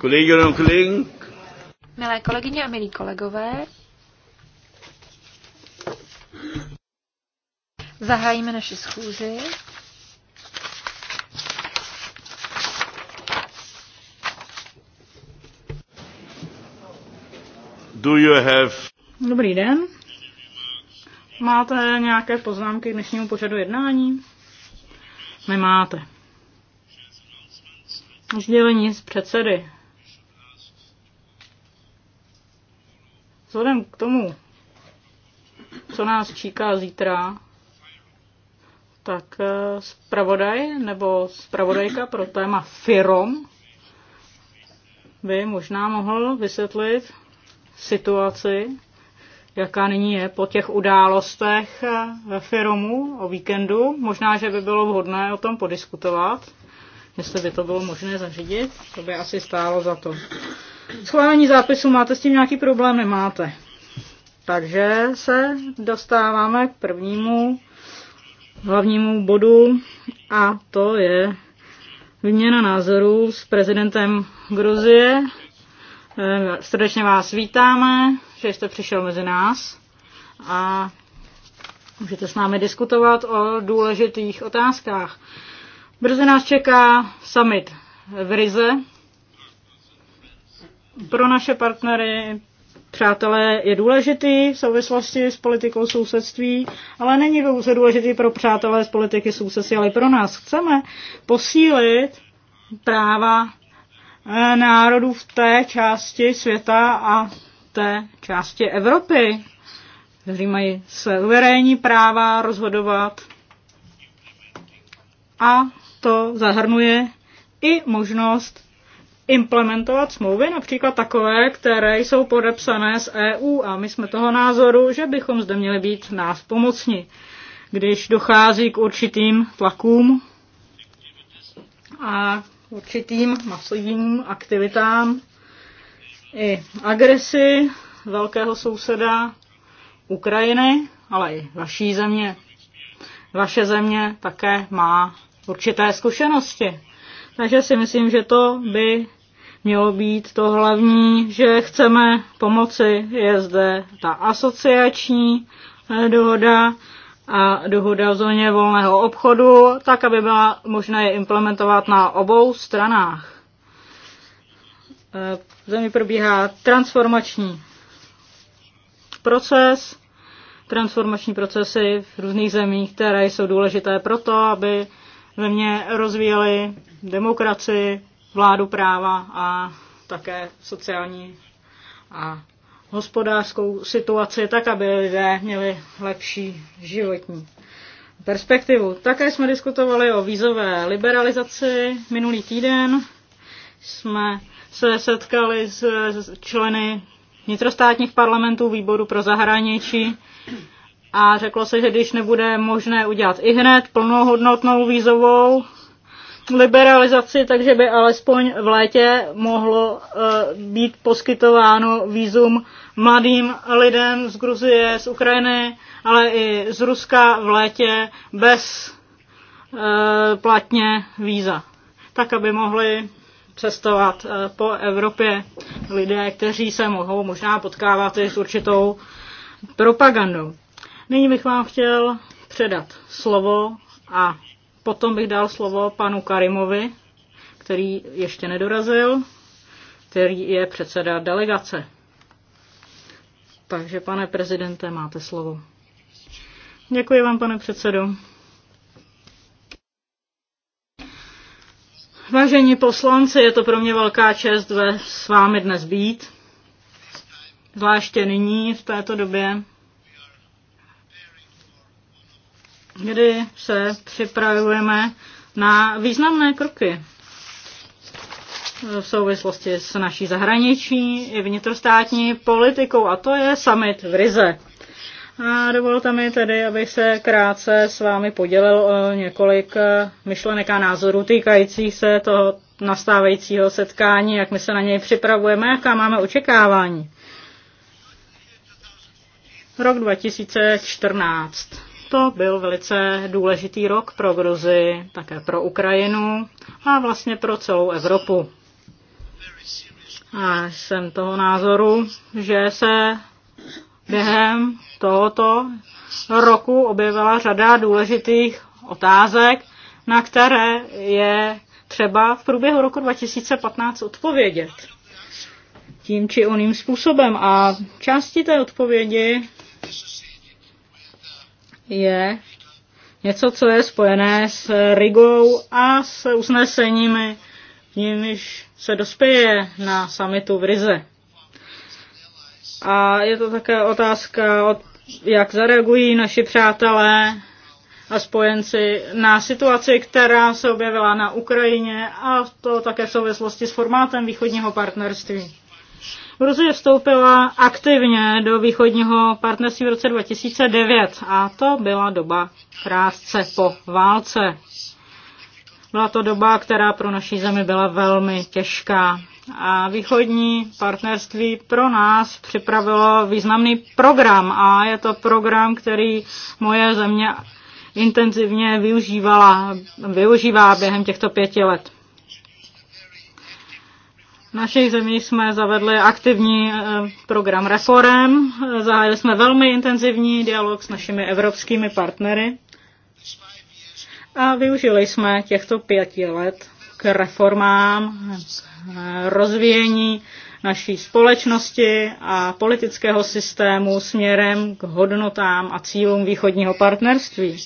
Kolleginnen und Milé kolegyně a milí kolegové, zahájíme naši schůzi. Do you have... Dobrý den. Máte nějaké poznámky k dnešnímu pořadu jednání? Nemáte. Sdělení z předsedy. Vzhledem k tomu, co nás číká zítra, tak eh, zpravodaj nebo zpravodajka pro téma FIROM by možná mohl vysvětlit situaci, jaká nyní je po těch událostech eh, ve Firomu o víkendu. Možná, že by bylo vhodné o tom podiskutovat, jestli by to bylo možné zařídit, to by asi stálo za to. Schválení zápisu, máte s tím nějaký problém? Nemáte. Takže se dostáváme k prvnímu hlavnímu bodu a to je výměna názorů s prezidentem Gruzie. Eh, srdečně vás vítáme, že jste přišel mezi nás a můžete s námi diskutovat o důležitých otázkách. Brzy nás čeká summit v Rize, pro naše partnery, přátelé je důležitý v souvislosti s politikou sousedství, ale není pouze důležitý pro přátelé z politiky sousedství, ale pro nás. Chceme posílit práva eh, národů v té části světa a té části Evropy, kteří mají suverénní práva rozhodovat. A to zahrnuje i možnost implementovat smlouvy, například takové, které jsou podepsané s EU a my jsme toho názoru, že bychom zde měli být nás pomocní, když dochází k určitým tlakům a určitým masivním aktivitám i agresi velkého souseda Ukrajiny, ale i vaší země. Vaše země také má určité zkušenosti. Takže si myslím, že to by mělo být to hlavní, že chceme pomoci. Je zde ta asociační eh, dohoda a dohoda o zóně volného obchodu, tak aby byla možné je implementovat na obou stranách. Eh, v zemi probíhá transformační proces, transformační procesy v různých zemích, které jsou důležité proto, aby země rozvíjely demokracii, vládu práva a také sociální a hospodářskou situaci, tak aby lidé měli lepší životní perspektivu. Také jsme diskutovali o vízové liberalizaci minulý týden. Jsme se setkali s členy vnitrostátních parlamentů výboru pro zahraničí a řeklo se, že když nebude možné udělat i hned plnohodnotnou vízovou liberalizaci, takže by alespoň v létě mohlo eh, být poskytováno výzum mladým lidem z Gruzie, z Ukrajiny, ale i z Ruska v létě bez eh, platně víza. Tak, aby mohli cestovat eh, po Evropě lidé, kteří se mohou možná potkávat i s určitou propagandou. Nyní bych vám chtěl předat slovo a Potom bych dal slovo panu Karimovi, který ještě nedorazil, který je předseda delegace. Takže, pane prezidente, máte slovo. Děkuji vám, pane předsedo. Vážení poslanci, je to pro mě velká čest ve, s vámi dnes být, zvláště nyní v této době, kdy se připravujeme na významné kroky v souvislosti s naší zahraniční i vnitrostátní politikou a to je summit v Rize. A dovolte mi tedy, abych se krátce s vámi podělil o několik myšlenek a názorů týkajících se toho nastávajícího setkání, jak my se na něj připravujeme, jaká máme očekávání. Rok 2014. To byl velice důležitý rok pro Gruzi, také pro Ukrajinu a vlastně pro celou Evropu. A jsem toho názoru, že se během tohoto roku objevila řada důležitých otázek, na které je třeba v průběhu roku 2015 odpovědět tím či oným způsobem. A části té odpovědi je něco, co je spojené s Rigou a s usneseními, v nimiž se dospěje na samitu v Rize. A je to také otázka, jak zareagují naši přátelé a spojenci na situaci, která se objevila na Ukrajině a to také v souvislosti s formátem východního partnerství. Gruzie vstoupila aktivně do východního partnerství v roce 2009 a to byla doba krátce po válce. Byla to doba, která pro naší zemi byla velmi těžká. A východní partnerství pro nás připravilo významný program a je to program, který moje země intenzivně využívala, využívá během těchto pěti let. V našich zemích jsme zavedli aktivní eh, program reform, zahájili jsme velmi intenzivní dialog s našimi evropskými partnery a využili jsme těchto pěti let k reformám, rozvíjení naší společnosti a politického systému směrem k hodnotám a cílům východního partnerství.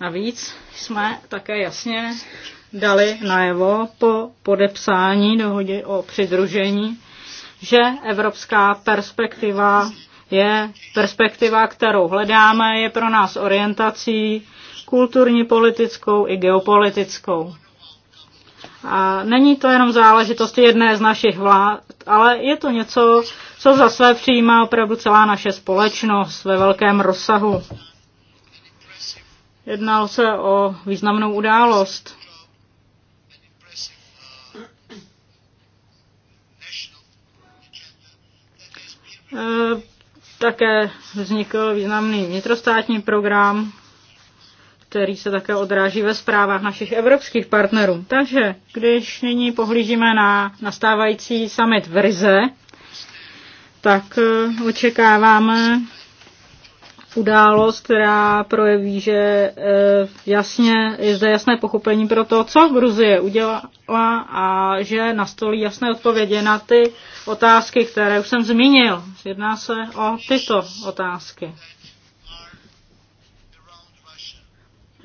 Navíc jsme také jasně dali najevo po podepsání dohody o přidružení, že evropská perspektiva je perspektiva, kterou hledáme, je pro nás orientací kulturní, politickou i geopolitickou. A není to jenom záležitost jedné z našich vlád, ale je to něco, co za své přijímá opravdu celá naše společnost ve velkém rozsahu. Jednalo se o významnou událost E, také vznikl významný vnitrostátní program, který se také odráží ve zprávách našich evropských partnerů. Takže když nyní pohlížíme na nastávající summit v Rize, tak e, očekáváme událost, která projeví, že e, jasně, je zde jasné pochopení pro to, co Gruzie udělala a že nastolí jasné odpovědi na ty otázky, které už jsem zmínil. Jedná se o tyto otázky.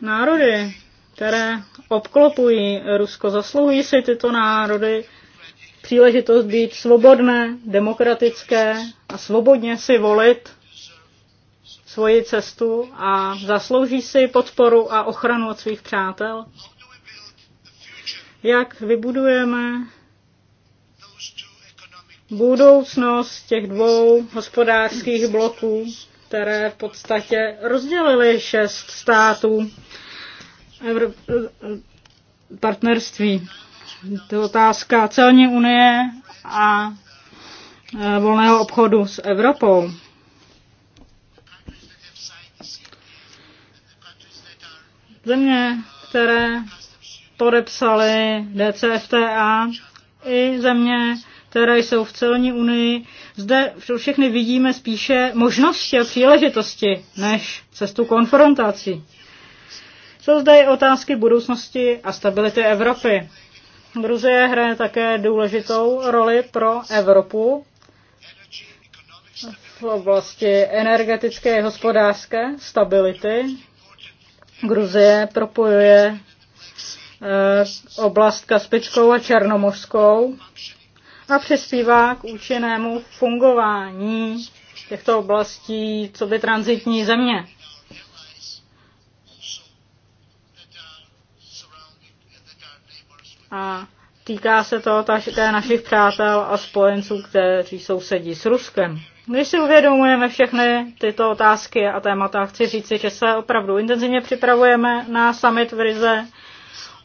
Národy, které obklopují Rusko, zasluhují si tyto národy příležitost být svobodné, demokratické a svobodně si volit svoji cestu a zaslouží si podporu a ochranu od svých přátel? Jak vybudujeme budoucnost těch dvou hospodářských bloků, které v podstatě rozdělily šest států partnerství. To je otázka celní unie a e, volného obchodu s Evropou. Země, které podepsaly DCFTA i země, které jsou v celní unii, zde všechny vidíme spíše možnosti a příležitosti než cestu konfrontací. Jsou zde i otázky budoucnosti a stability Evropy. Gruzie hraje také důležitou roli pro Evropu v oblasti energetické a hospodářské stability Gruzie propojuje eh, oblast Kaspickou a Černomorskou a přispívá k účinnému fungování těchto oblastí, co by transitní země. A týká se to také našich přátel a spojenců, kteří sousedí s Ruskem. Když si uvědomujeme všechny tyto otázky a témata, chci říci, že se opravdu intenzivně připravujeme na summit v Rize.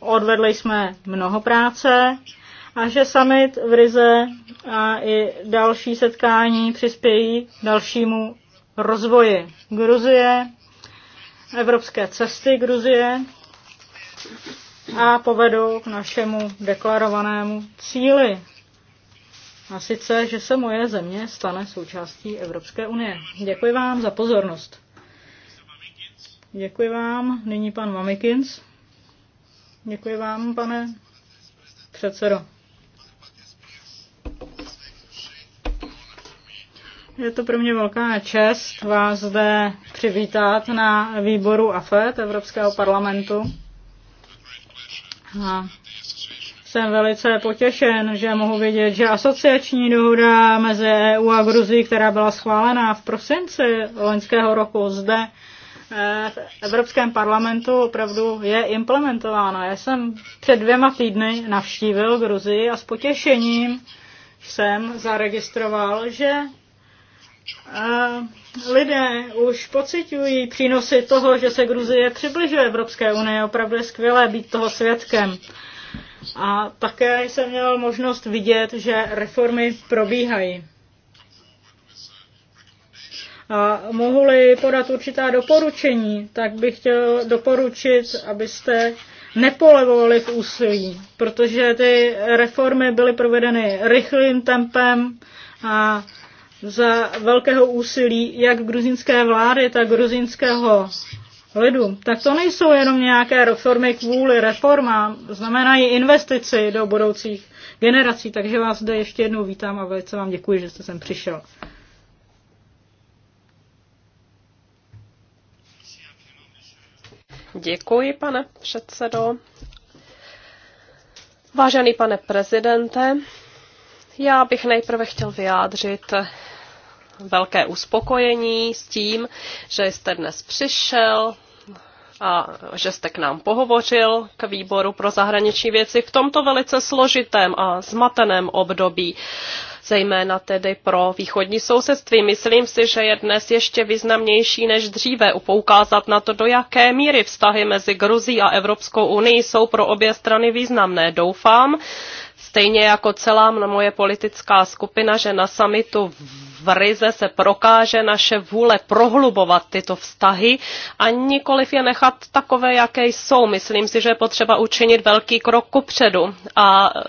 Odvedli jsme mnoho práce a že summit v Rize a i další setkání přispějí dalšímu rozvoji Gruzie, evropské cesty Gruzie a povedou k našemu deklarovanému cíli a sice, že se moje země stane součástí Evropské unie. Děkuji vám za pozornost. Děkuji vám. Nyní pan Mamikins. Děkuji vám, pane předsedo. Je to pro mě velká čest vás zde přivítat na výboru AFET Evropského parlamentu. A jsem velice potěšen, že mohu vidět, že asociační dohoda mezi EU a Gruzí, která byla schválená v prosinci loňského roku zde eh, v Evropském parlamentu, opravdu je implementována. Já jsem před dvěma týdny navštívil Gruzii a s potěšením jsem zaregistroval, že eh, lidé už pocitují přínosy toho, že se Gruzie přibližuje Evropské unii. Opravdu je skvělé být toho svědkem. A také jsem měl možnost vidět, že reformy probíhají. A mohu-li podat určitá doporučení, tak bych chtěl doporučit, abyste nepolevovali v úsilí, protože ty reformy byly provedeny rychlým tempem a za velkého úsilí jak gruzínské vlády, tak gruzínského lidu. Tak to nejsou jenom nějaké reformy kvůli reformám, znamenají investici do budoucích generací. Takže vás zde ještě jednou vítám a velice vám děkuji, že jste sem přišel. Děkuji, pane předsedo. Vážený pane prezidente, já bych nejprve chtěl vyjádřit velké uspokojení s tím, že jste dnes přišel a že jste k nám pohovořil k výboru pro zahraniční věci v tomto velice složitém a zmateném období zejména tedy pro východní sousedství. Myslím si, že je dnes ještě významnější než dříve upoukázat na to, do jaké míry vztahy mezi Gruzí a Evropskou unii jsou pro obě strany významné. Doufám, stejně jako celá moje politická skupina, že na samitu v ryze se prokáže naše vůle prohlubovat tyto vztahy a nikoliv je nechat takové, jaké jsou. Myslím si, že je potřeba učinit velký krok kupředu a e,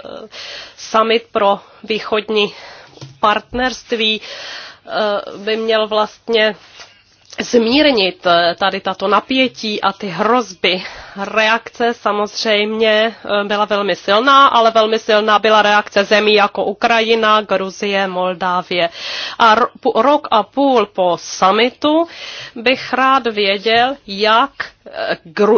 summit pro východní partnerství e, by měl vlastně zmírnit eh, tady tato napětí a ty hrozby. Reakce samozřejmě eh, byla velmi silná, ale velmi silná byla reakce zemí jako Ukrajina, Gruzie, Moldávie. A rok a půl po summitu bych rád věděl, jak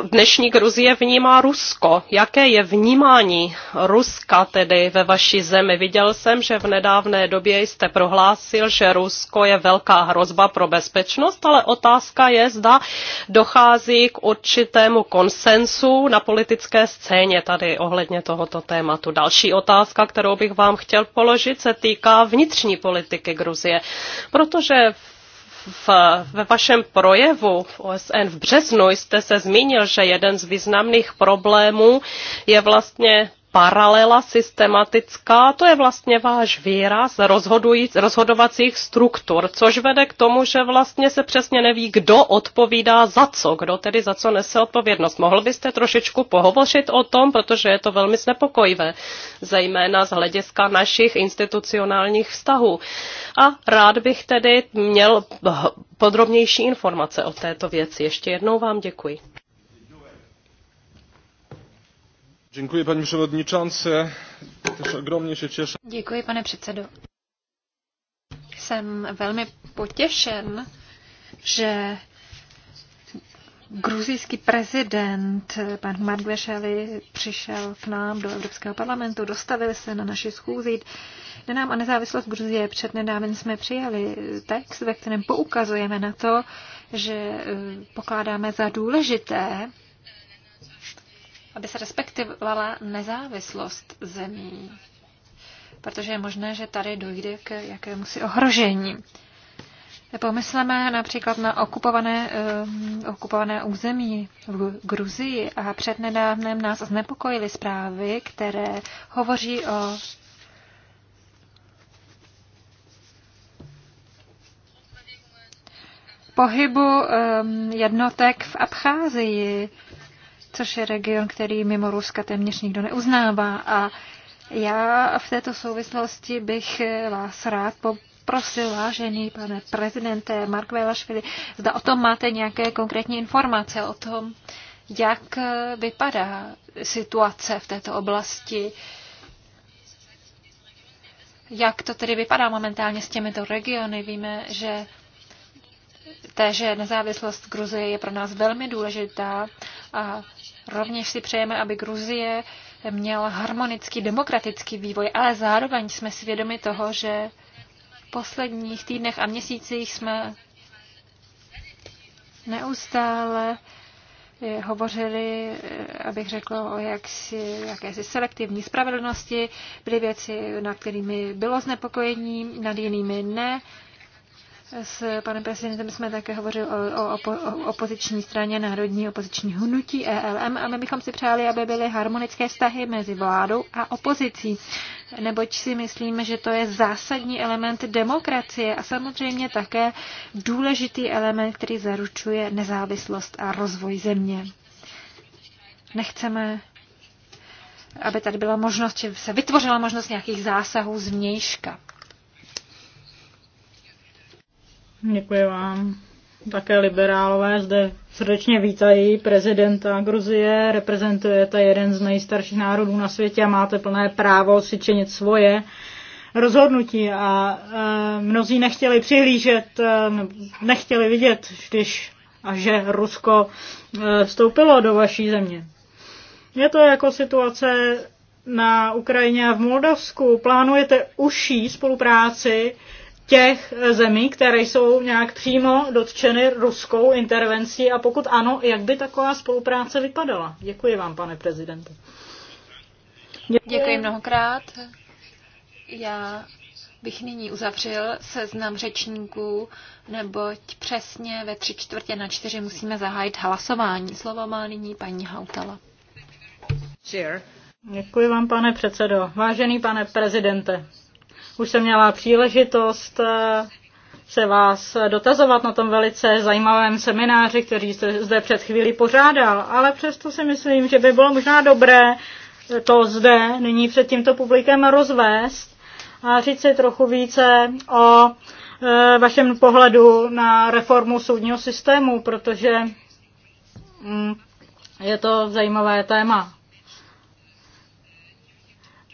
dnešní Gruzie vnímá Rusko. Jaké je vnímání Ruska tedy ve vaší zemi? Viděl jsem, že v nedávné době jste prohlásil, že Rusko je velká hrozba pro bezpečnost, ale otázka je, zda dochází k určitému konsensu na politické scéně tady ohledně tohoto tématu. Další otázka, kterou bych vám chtěl položit, se týká vnitřní politiky Gruzie, protože v v, ve vašem projevu v OSN v březnu jste se zmínil, že jeden z významných problémů je vlastně paralela systematická, to je vlastně váš výraz rozhodovacích struktur, což vede k tomu, že vlastně se přesně neví, kdo odpovídá za co, kdo tedy za co nese odpovědnost. Mohl byste trošičku pohovořit o tom, protože je to velmi znepokojivé, zejména z hlediska našich institucionálních vztahů. A rád bych tedy měl podrobnější informace o této věci. Ještě jednou vám děkuji. Děkuji, předsedající. pane předsedo. Jsem velmi potěšen, že gruzijský prezident, pan Margvešeli, přišel k nám do Evropského parlamentu, dostavil se na naši schůzi. Jde nám a nezávislost Gruzie. Před jsme přijali text, ve kterém poukazujeme na to, že eh, pokládáme za důležité aby se respektovala nezávislost zemí, protože je možné, že tady dojde k jakémusi ohrožení. Pomysleme například na okupované, um, okupované území v Gruzii a přednedávném nás znepokojily zprávy, které hovoří o pohybu um, jednotek v Abcházii což je region, který mimo Ruska téměř nikdo neuznává. A já v této souvislosti bych vás rád poprosil, vážený pane prezidente Mark Velašvili, zda o tom máte nějaké konkrétní informace, o tom, jak vypadá situace v této oblasti, jak to tedy vypadá momentálně s těmito regiony. Víme, že té, že nezávislost Gruzie je pro nás velmi důležitá a rovněž si přejeme, aby Gruzie měla harmonický demokratický vývoj, ale zároveň jsme svědomi toho, že v posledních týdnech a měsících jsme neustále eh, hovořili, eh, abych řekla, o jaksi, jakési selektivní spravedlnosti. Byly věci, nad kterými bylo znepokojení, nad jinými ne. S panem prezidentem jsme také hovořili o, o, o opoziční straně Národní opoziční hnutí ELM a my bychom si přáli, aby byly harmonické vztahy mezi vládou a opozicí, neboť si myslíme, že to je zásadní element demokracie a samozřejmě také důležitý element, který zaručuje nezávislost a rozvoj země. Nechceme aby tady byla možnost, se vytvořila možnost nějakých zásahů z vnějška. Děkuji vám. Také liberálové zde srdečně vítají prezidenta Gruzie, reprezentujete jeden z nejstarších národů na světě a máte plné právo si činit svoje rozhodnutí a e, mnozí nechtěli přihlížet, e, nechtěli vidět, když a že Rusko e, vstoupilo do vaší země. Je to jako situace na Ukrajině a v Moldavsku. Plánujete užší spolupráci těch eh, zemí, které jsou nějak přímo dotčeny ruskou intervencí a pokud ano, jak by taková spolupráce vypadala? Děkuji vám, pane prezidente. Děkuji, Děkuji mnohokrát. Já bych nyní uzavřel seznam řečníků, neboť přesně ve tři čtvrtě na čtyři musíme zahájit hlasování. Slovo má nyní paní Hautala. Děkuji vám, pane předsedo. Vážený pane prezidente, už jsem měla příležitost eh, se vás dotazovat na tom velice zajímavém semináři, který jste zde před chvílí pořádal, ale přesto si myslím, že by bylo možná dobré to zde nyní před tímto publikem rozvést a říct si trochu více o eh, vašem pohledu na reformu soudního systému, protože hm, je to zajímavé téma.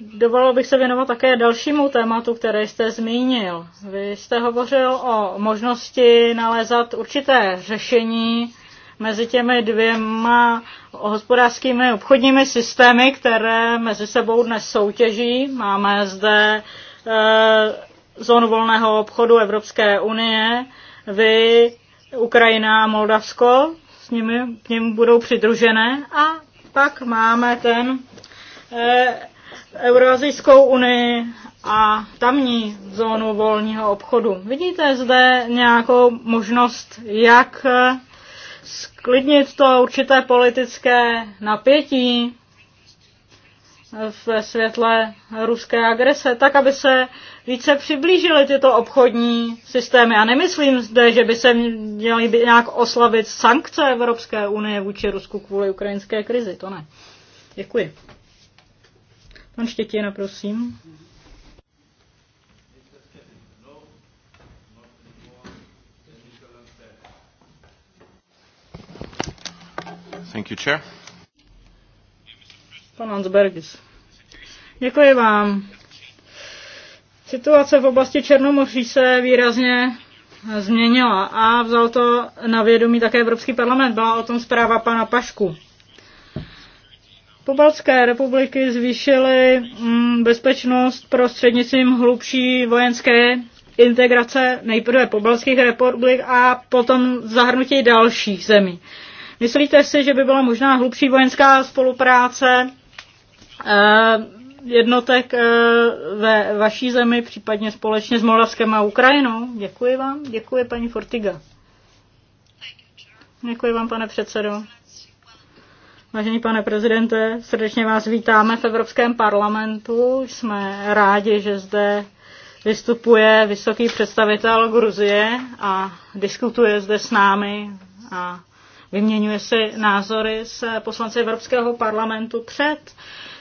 Dovolil bych se věnovat také dalšímu tématu, které jste zmínil. Vy jste hovořil o možnosti nalézat určité řešení mezi těmi dvěma hospodářskými obchodními systémy, které mezi sebou dnes soutěží. Máme zde e, zónu volného obchodu Evropské unie, vy, Ukrajina a Moldavsko, s nimi k němu budou přidružené a pak máme ten e, Eurazijskou unii a tamní zónu volního obchodu. Vidíte zde nějakou možnost, jak sklidnit to určité politické napětí ve světle ruské agrese, tak aby se více přiblížily tyto obchodní systémy. A nemyslím zde, že by se měly nějak oslavit sankce Evropské unie vůči Rusku kvůli ukrajinské krizi. To ne. Děkuji. Pan Štětina, prosím. Thank you, chair. Pan Hansbergis. Děkuji vám. Situace v oblasti Černomoří se výrazně změnila a vzal to na vědomí také Evropský parlament. Byla o tom zpráva pana Pašku. Pobalské republiky zvýšily mm, bezpečnost prostřednictvím hlubší vojenské integrace nejprve pobalských republik a potom zahrnutí dalších zemí. Myslíte si, že by byla možná hlubší vojenská spolupráce eh, jednotek eh, ve vaší zemi, případně společně s Moldavskem a Ukrajinou? Děkuji vám, děkuji paní Fortiga. Děkuji vám, pane předsedo. Vážený pane prezidente, srdečně vás vítáme v Evropském parlamentu. Jsme rádi, že zde vystupuje vysoký představitel Gruzie a diskutuje zde s námi a vyměňuje si názory s poslanci Evropského parlamentu před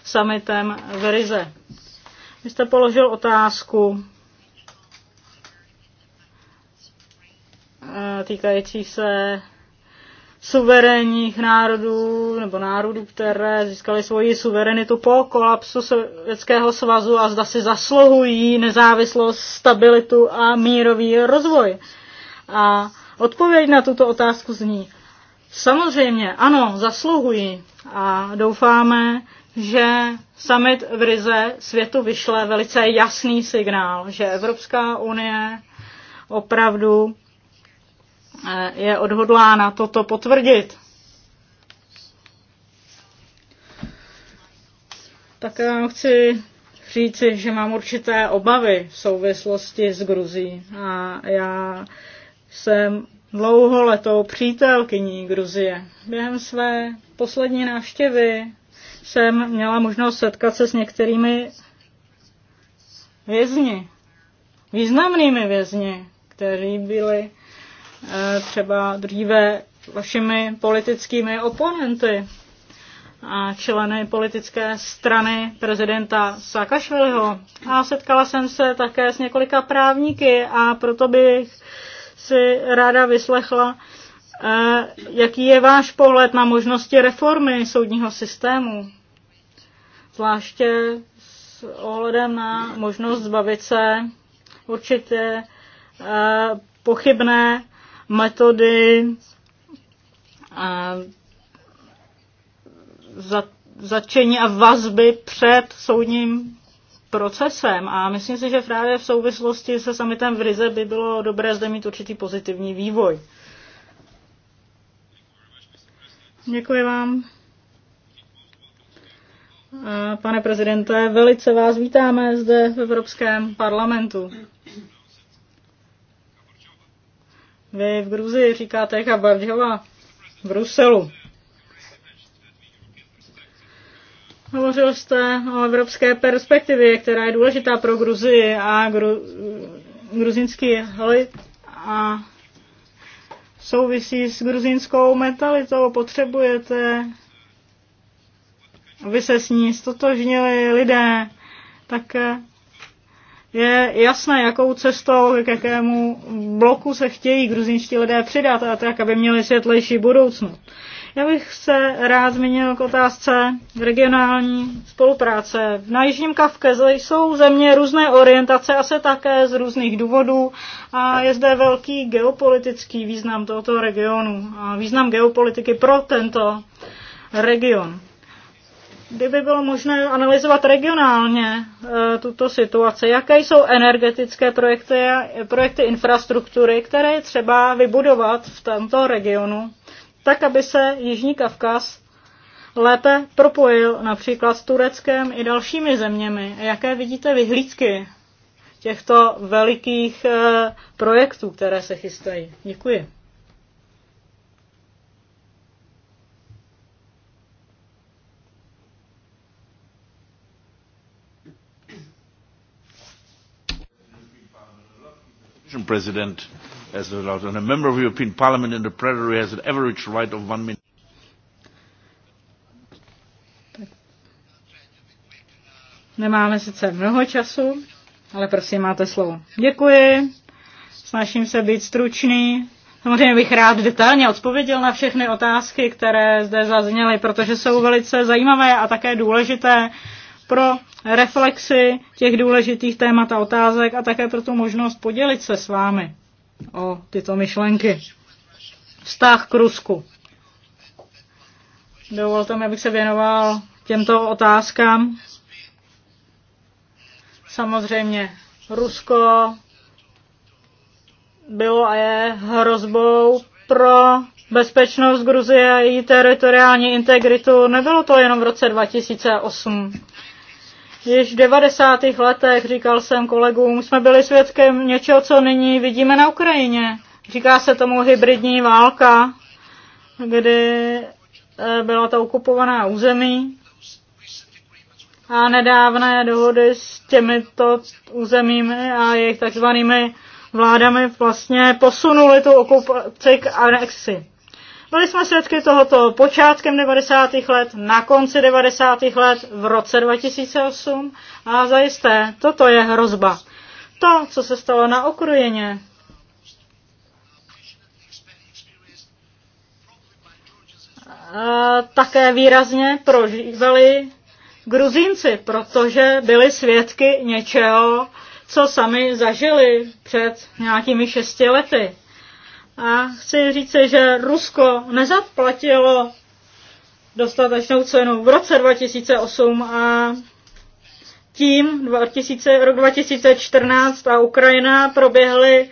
summitem v Rize. Vy jste položil otázku eh, týkající se suverénních národů nebo národů, které získaly svoji suverenitu po kolapsu Sovětského svazu a zda si zasluhují nezávislost, stabilitu a mírový rozvoj. A odpověď na tuto otázku zní, samozřejmě, ano, zasluhují a doufáme, že summit v Rize světu vyšle velice jasný signál, že Evropská unie opravdu je odhodlána toto potvrdit. Tak já chci říci, že mám určité obavy v souvislosti s Gruzí. A já jsem dlouholetou přítelkyní Gruzie. Během své poslední návštěvy jsem měla možnost setkat se s některými vězni, významnými vězni, kteří byli Eh, třeba dříve vašimi politickými oponenty a členy politické strany prezidenta Saakašviliho. A setkala jsem se také s několika právníky a proto bych si ráda vyslechla, eh, jaký je váš pohled na možnosti reformy soudního systému, zvláště s ohledem na možnost zbavit se určitě eh, pochybné metody zatčení a vazby před soudním procesem. A myslím si, že právě v souvislosti se samitem v Rize by bylo dobré zde mít určitý pozitivní vývoj. Děkuji vám. Pane prezidente, velice vás vítáme zde v Evropském parlamentu. Vy v Gruzii říkáte Kabardjova v Bruselu. Hovořil jste o evropské perspektivě, která je důležitá pro Gruzii a gru, gruzinský lid a souvisí s gruzinskou mentalitou. Potřebujete, aby se s ní stotožnili lidé. Také eh, je jasné, jakou cestou, k jakému bloku se chtějí gruzinští lidé přidat a tak, aby měli světlejší budoucnost. Já bych se rád zmínil k otázce regionální spolupráce. Na Jižním Kavkeze jsou země různé orientace a se také z různých důvodů a je zde velký geopolitický význam tohoto regionu a význam geopolitiky pro tento region kdyby bylo možné analyzovat regionálně e, tuto situaci, jaké jsou energetické projekty, projekty infrastruktury, které je třeba vybudovat v tomto regionu, tak aby se Jižní Kavkaz lépe propojil například s Tureckem i dalšími zeměmi. Jaké vidíte vyhlídky těchto velikých e, projektů, které se chystají? Děkuji. President, as allowed, and a member of the European Parliament in the plenary has an average right of one minute. Nemáme sice mnoho času, ale prosím, máte slovo. Děkuji, snažím se být stručný. Samozřejmě bych rád detailně odpověděl na všechny otázky, které zde zazněly, protože jsou velice zajímavé a také důležité pro Reflexy těch důležitých témat a otázek a také pro tu možnost podělit se s vámi o tyto myšlenky. Vztah k Rusku. Dovolte mi, abych se věnoval těmto otázkám. Samozřejmě Rusko bylo a je hrozbou pro bezpečnost Gruzie a její teritoriální integritu. Nebylo to jenom v roce 2008. Již v 90. letech, říkal jsem kolegům, jsme byli svědkem něčeho, co nyní vidíme na Ukrajině. Říká se tomu hybridní válka, kdy eh, byla to okupovaná území a nedávné dohody s těmito územími a jejich takzvanými vládami vlastně posunuli tu okupaci k anexi. Byli jsme svědky tohoto počátkem 90. let, na konci 90. let, v roce 2008 a zajisté, toto je hrozba. To, co se stalo na okrujeně, také výrazně prožívali Gruzínci, protože byli svědky něčeho, co sami zažili před nějakými šesti lety. A chci říct, že Rusko nezaplatilo dostatečnou cenu v roce 2008 a tím 2000, rok 2014 a Ukrajina proběhly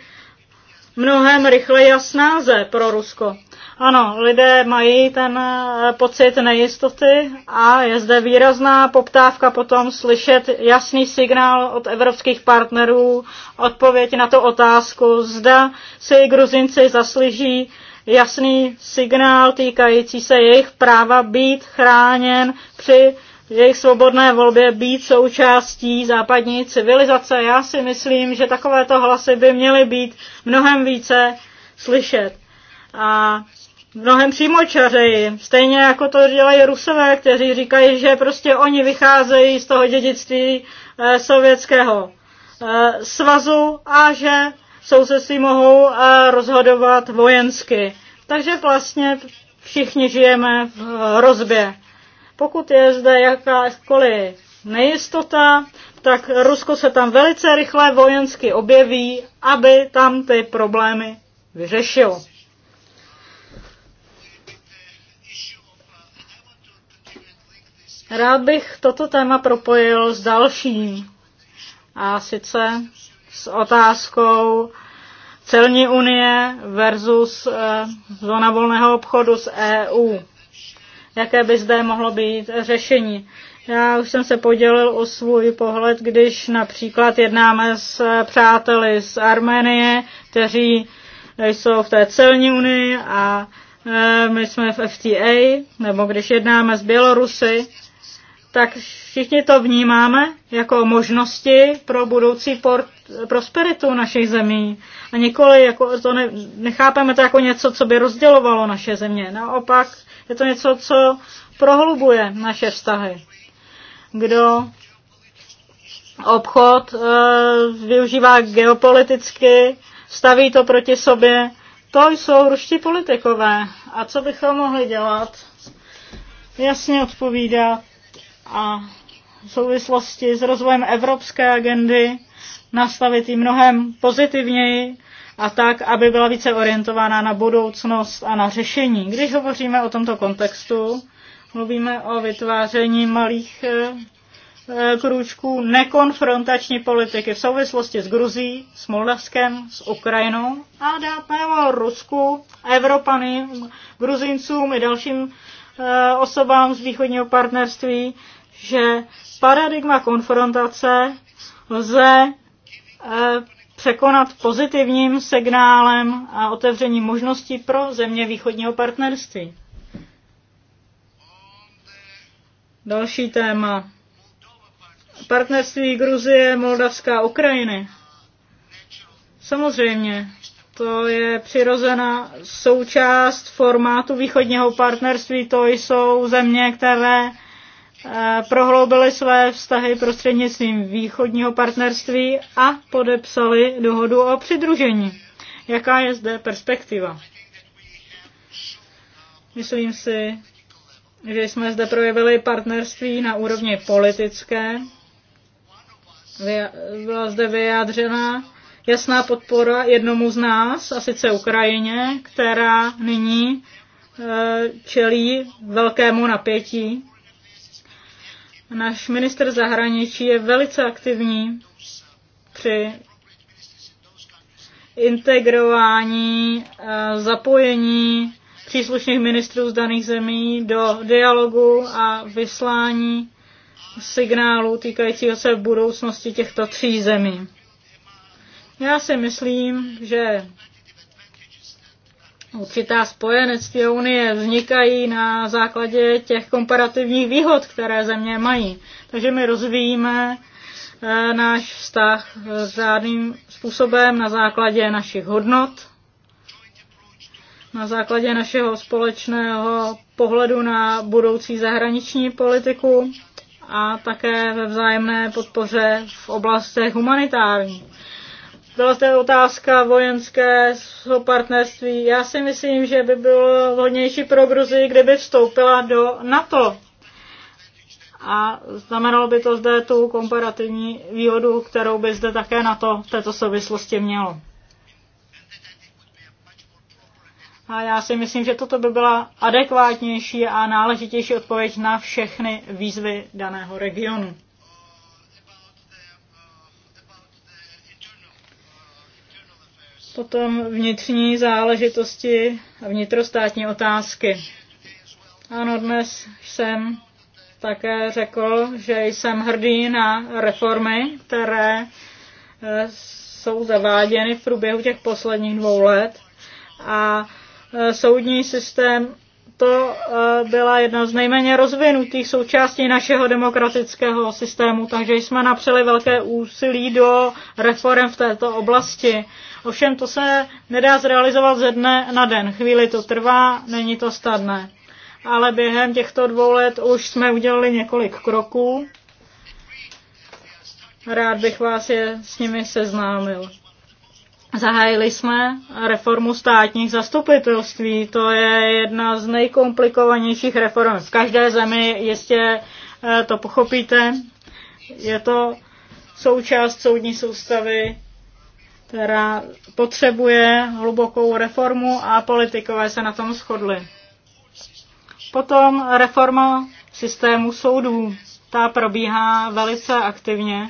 mnohem rychleji a snáze pro Rusko. Ano, lidé mají ten eh, pocit nejistoty a je zde výrazná poptávka potom slyšet jasný signál od evropských partnerů, odpověď na to otázku, zda si Gruzinci zaslyží jasný signál týkající se jejich práva být chráněn při jejich svobodné volbě být součástí západní civilizace. Já si myslím, že takovéto hlasy by měly být mnohem více slyšet. A mnohem přímočařeji. Stejně jako to dělají rusové, kteří říkají, že prostě oni vycházejí z toho dědictví eh, sovětského eh, svazu a že sousedství mohou eh, rozhodovat vojensky. Takže vlastně všichni žijeme v hrozbě. Pokud je zde jakákoliv nejistota, tak Rusko se tam velice rychle vojensky objeví, aby tam ty problémy vyřešilo. Rád bych toto téma propojil s dalším, a sice s otázkou celní unie versus eh, zóna volného obchodu s EU. Jaké by zde mohlo být řešení? Já už jsem se podělil o svůj pohled, když například jednáme s eh, přáteli z Arménie, kteří jsou v té celní unii a eh, my jsme v FTA, nebo když jednáme s Bělorusy, tak všichni to vnímáme jako možnosti pro budoucí port, prosperitu našich zemí. A nikoli jako to ne, nechápeme to jako něco, co by rozdělovalo naše země. Naopak je to něco, co prohlubuje naše vztahy. Kdo obchod e, využívá geopoliticky, staví to proti sobě, to jsou ruští politikové. A co bychom mohli dělat? Jasně odpovídat a v souvislosti s rozvojem evropské agendy nastavit ji mnohem pozitivněji a tak, aby byla více orientována na budoucnost a na řešení. Když hovoříme o tomto kontextu, mluvíme o vytváření malých eh, eh, krůčků nekonfrontační politiky v souvislosti s Gruzí, s Moldavskem, s Ukrajinou a dáme Rusku, Evropany, Gruzincům i dalším eh, osobám z východního partnerství že paradigma konfrontace lze eh, překonat pozitivním signálem a otevřením možností pro země východního partnerství. Další téma. Partnerství Gruzie, Moldavská, Ukrajiny. Samozřejmě, to je přirozená součást formátu východního partnerství. To jsou země, které prohloubili své vztahy prostřednictvím východního partnerství a podepsali dohodu o přidružení. Jaká je zde perspektiva? Myslím si, že jsme zde projevili partnerství na úrovni politické. Byla zde vyjádřena jasná podpora jednomu z nás, a sice Ukrajině, která nyní e, čelí velkému napětí Náš minister zahraničí je velice aktivní při integrování, eh, zapojení příslušných ministrů z daných zemí do dialogu a vyslání signálů týkajícího se budoucnosti těchto tří zemí. Já si myslím, že určitá spojenectví unie vznikají na základě těch komparativních výhod, které země mají. Takže my rozvíjíme eh, náš vztah eh, řádným způsobem na základě našich hodnot, na základě našeho společného pohledu na budoucí zahraniční politiku a také ve vzájemné podpoře v oblastech humanitární. Byla no, zde otázka vojenské partnerství. Já si myslím, že by bylo vhodnější pro Gruzii, kdyby vstoupila do NATO. A znamenalo by to zde tu komparativní výhodu, kterou by zde také NATO v této souvislosti mělo. A já si myslím, že toto by byla adekvátnější a náležitější odpověď na všechny výzvy daného regionu. Potom vnitřní záležitosti a vnitrostátní otázky. Ano, dnes jsem také řekl, že jsem hrdý na reformy, které eh, jsou zaváděny v průběhu těch posledních dvou let. A eh, soudní systém to eh, byla jedna z nejméně rozvinutých součástí našeho demokratického systému, takže jsme napřeli velké úsilí do reform v této oblasti. Ovšem to se nedá zrealizovat ze dne na den. Chvíli to trvá, není to snadné. Ale během těchto dvou let už jsme udělali několik kroků. Rád bych vás je s nimi seznámil. Zahájili jsme reformu státních zastupitelství. To je jedna z nejkomplikovanějších reform. V každé zemi jistě eh, to pochopíte. Je to součást soudní soustavy která potřebuje hlubokou reformu a politikové se na tom shodli. Potom reforma systému soudů. Ta probíhá velice aktivně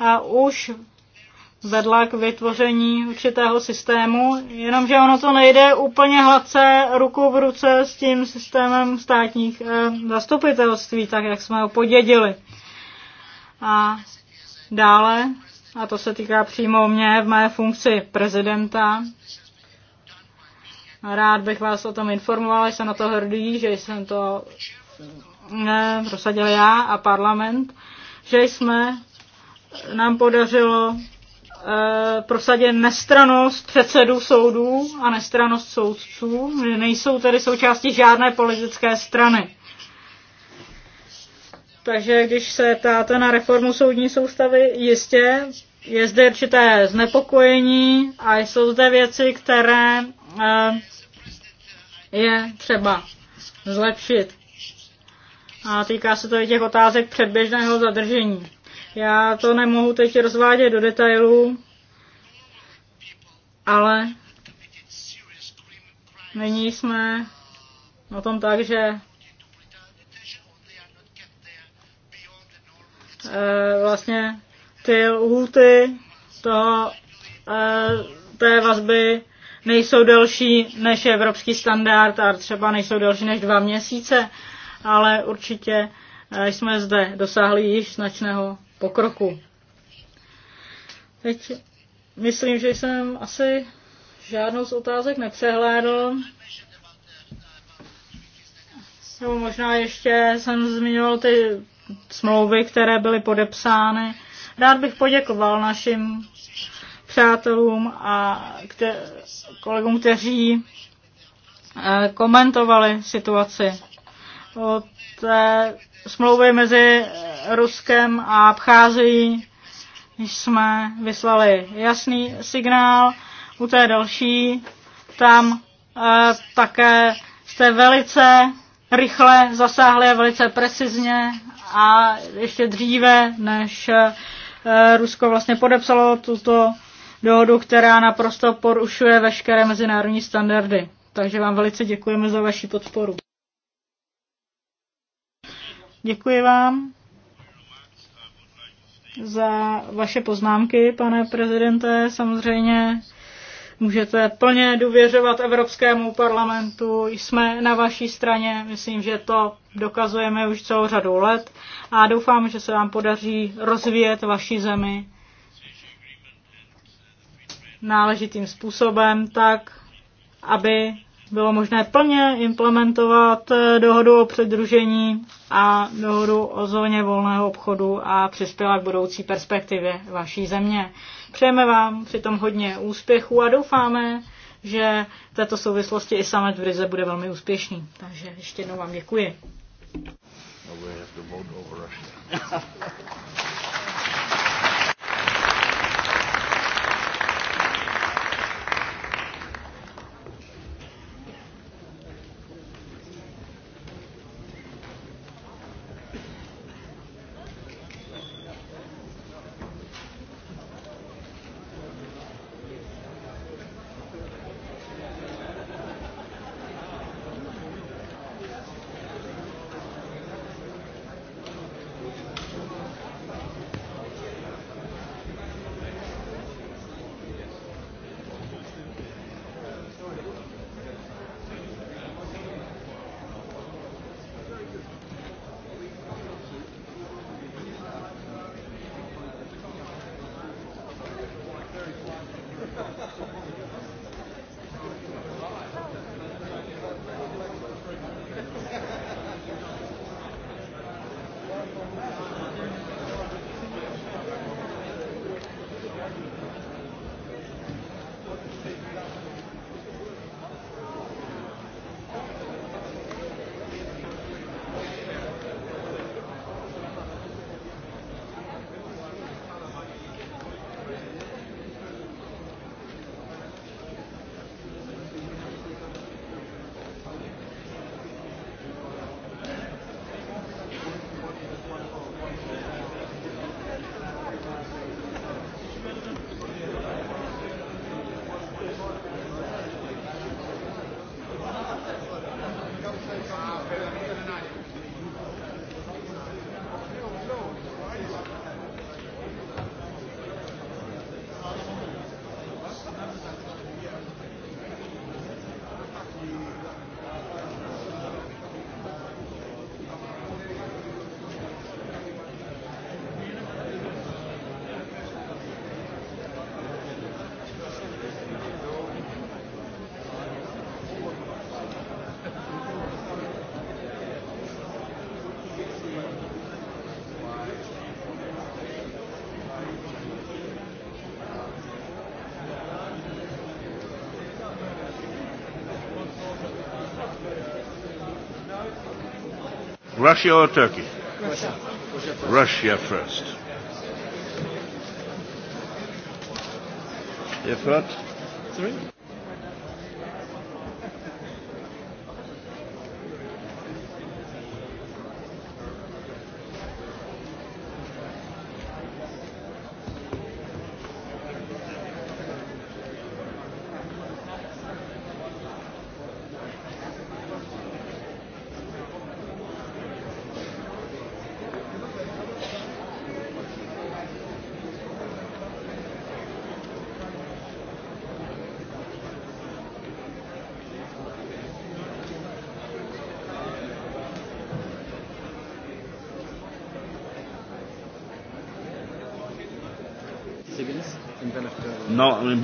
a už vedla k vytvoření určitého systému, jenomže ono to nejde úplně hladce ruku v ruce s tím systémem státních eh, zastupitelství, tak jak jsme ho podědili. A dále a to se týká přímo mě v mé funkci prezidenta. Rád bych vás o tom informoval, jsem na to hrdý, že jsem to ne, prosadil já a parlament, že jsme nám podařilo eh, prosadit nestranost předsedů soudů a nestranost soudců, nejsou tedy součástí žádné politické strany. Takže když se ptáte na reformu soudní soustavy, jistě je zde určité znepokojení a jsou zde věci, které eh, je třeba zlepšit. A týká se to i těch otázek předběžného zadržení. Já to nemohu teď rozvádět do detailů, ale nyní jsme na tom tak, že Eh, vlastně ty lhuty toho, eh, té vazby nejsou delší než evropský standard a třeba nejsou delší než dva měsíce, ale určitě eh, jsme zde dosáhli již značného pokroku. Teď myslím, že jsem asi žádnou z otázek nepřehlédl. Nebo možná ještě jsem zmiňoval ty smlouvy, které byly podepsány. Rád bych poděkoval našim přátelům a kte- kolegům, kteří eh, komentovali situaci. Od té smlouvy mezi Ruskem a Abcházií jsme vyslali jasný signál. U té další tam eh, také jste velice rychle zasáhli a velice precizně a ještě dříve, než eh, Rusko vlastně podepsalo tuto dohodu, která naprosto porušuje veškeré mezinárodní standardy. Takže vám velice děkujeme za vaši podporu. Děkuji vám za vaše poznámky, pane prezidente. Samozřejmě můžete plně důvěřovat Evropskému parlamentu. Jsme na vaší straně, myslím, že to dokazujeme už celou řadu let a doufám, že se vám podaří rozvíjet vaši zemi náležitým způsobem, tak aby bylo možné plně implementovat eh, dohodu o předružení a dohodu o zóně volného obchodu a přispěla k budoucí perspektivě vaší země. Přejeme vám přitom hodně úspěchů a doufáme, že v této souvislosti i samet v Rize bude velmi úspěšný. Takže ještě jednou vám děkuji. No, we have to vote over Russia. Russia or Turkey? Russia. Russia first. Yeah, hört? Sorry?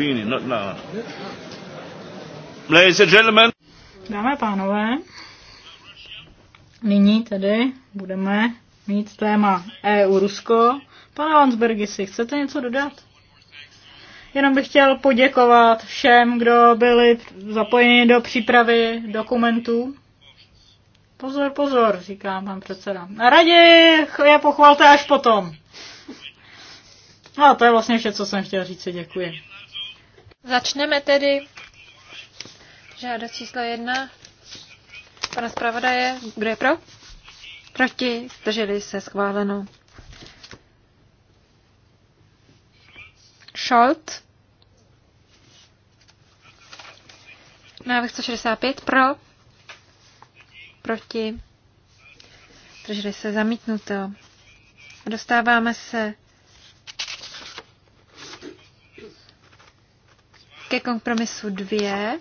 Salvini, not now. Ladies and gentlemen. Dámy a pánové, nyní tedy budeme mít téma EU-Rusko. Pane Landsbergi, si chcete něco dodat? Jenom bych chtěl poděkovat všem, kdo byli zapojeni do přípravy dokumentů. Pozor, pozor, říká pan předseda. A raději je pochvalte až potom. No a to je vlastně vše, co jsem chtěl říct. Děkuji. Začneme tedy žádost číslo jedna pana zpravodaje. Kdo je pro? Proti? Zdrželi se schváleno. Scholt. Návrh 165 pro. Proti. Zdrželi se zamítnuto. Dostáváme se Ke kompromisu dvě.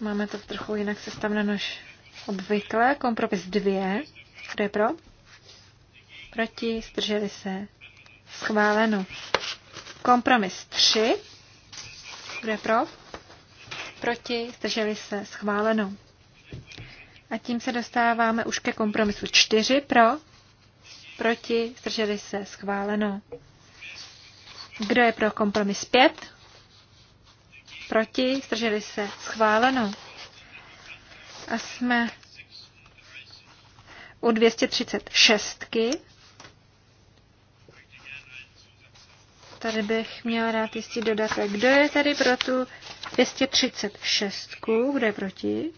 Máme to trochu jinak sestaveno než obvykle. Kompromis dvě, Kdo je pro? Proti, zdrželi se. Schváleno. Kompromis tři, Kdo je pro? Proti, zdrželi se. Schváleno. A tím se dostáváme už ke kompromisu čtyři, pro, proti, zdrželi se, schváleno. Kdo je pro kompromis 5? proti, zdrželi se, schváleno. A jsme u 236. Tady bych měla rád jistý dodatek. Kdo je tady pro tu 236? Kdo je proti?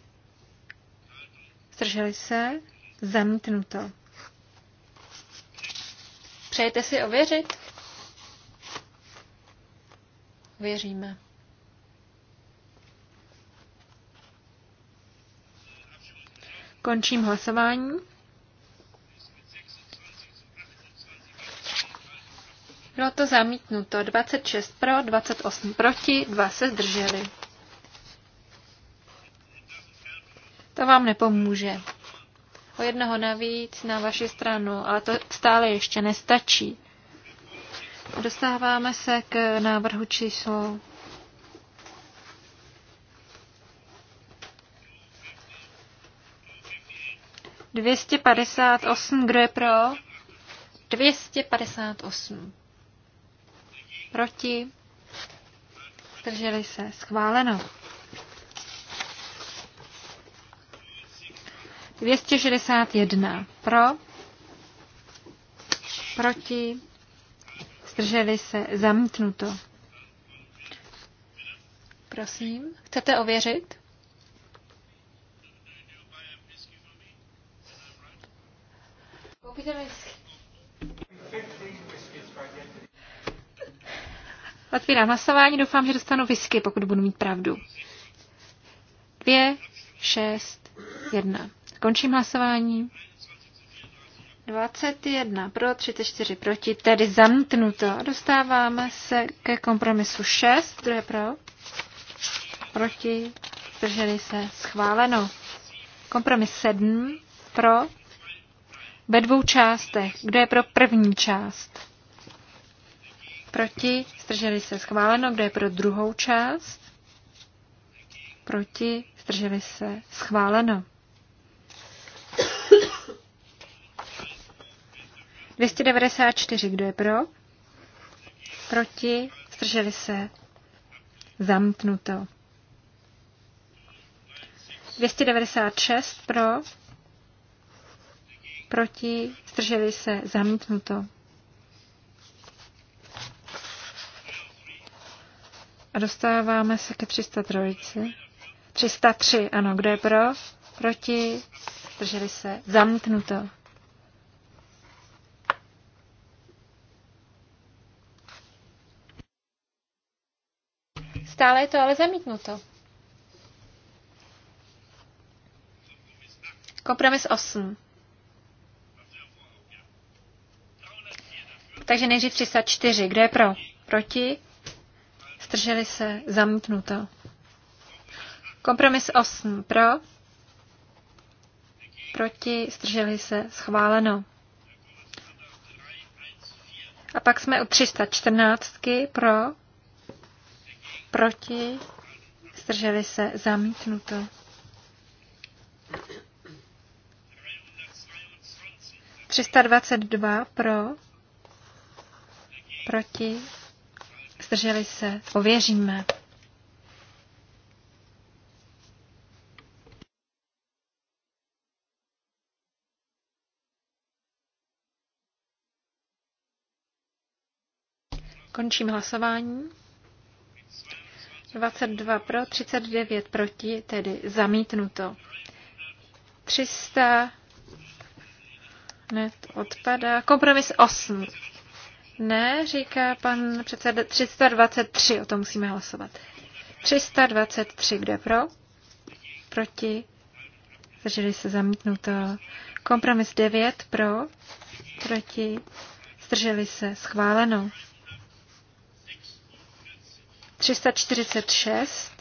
Zdrželi se? Zamítnuto. Přejete si ověřit? Věříme. Končím hlasování. Bylo to zamítnuto. 26 pro, 28 proti, 2 se zdrželi. To vám nepomůže. O jednoho navíc na vaši stranu, ale to stále ještě nestačí. Dostáváme se k návrhu číslo 258, kdo je pro? 258. Proti? Drželi se. Schváleno. 261 pro, proti, zdrželi se, zamítnuto. Prosím, chcete ověřit? Otvírám hlasování, doufám, že dostanu whisky, pokud budu mít pravdu. Dvě, šest, jedna. Končím hlasování. 21 pro, 34 proti, tedy zamítnuto. Dostáváme se ke kompromisu 6, kdo je pro? Proti, drželi se, schváleno. Kompromis 7 pro, ve dvou částech. Kdo je pro první část? Proti? strželi se schváleno. Kdo je pro druhou část? Proti? strželi se schváleno. 294. Kdo je pro? Proti? strželi se zamknuto. 296 pro, proti, zdrželi se, zamítnuto. A dostáváme se ke 303. 303, ano, kdo je pro? Proti, zdrželi se, zamítnuto. Stále je to ale zamítnuto. Kompromis 8. Takže nejdřív 304. Kdo je pro? Proti? Zdrželi se? Zamítnuto. Kompromis 8. Pro? Proti? Zdrželi se? Schváleno. A pak jsme u 314. Pro? Proti? Zdrželi se? Zamítnuto. 322 pro, proti, zdrželi se, ověříme. Končím hlasování. 22 pro, 39 proti, tedy zamítnuto. 300 net Odpadá. Kompromis 8 ne, říká pan předseda 323, o tom musíme hlasovat. 323, kde pro? Proti? Zdrželi se zamítnuto. Kompromis 9 pro? Proti? Zdrželi se schváleno. 346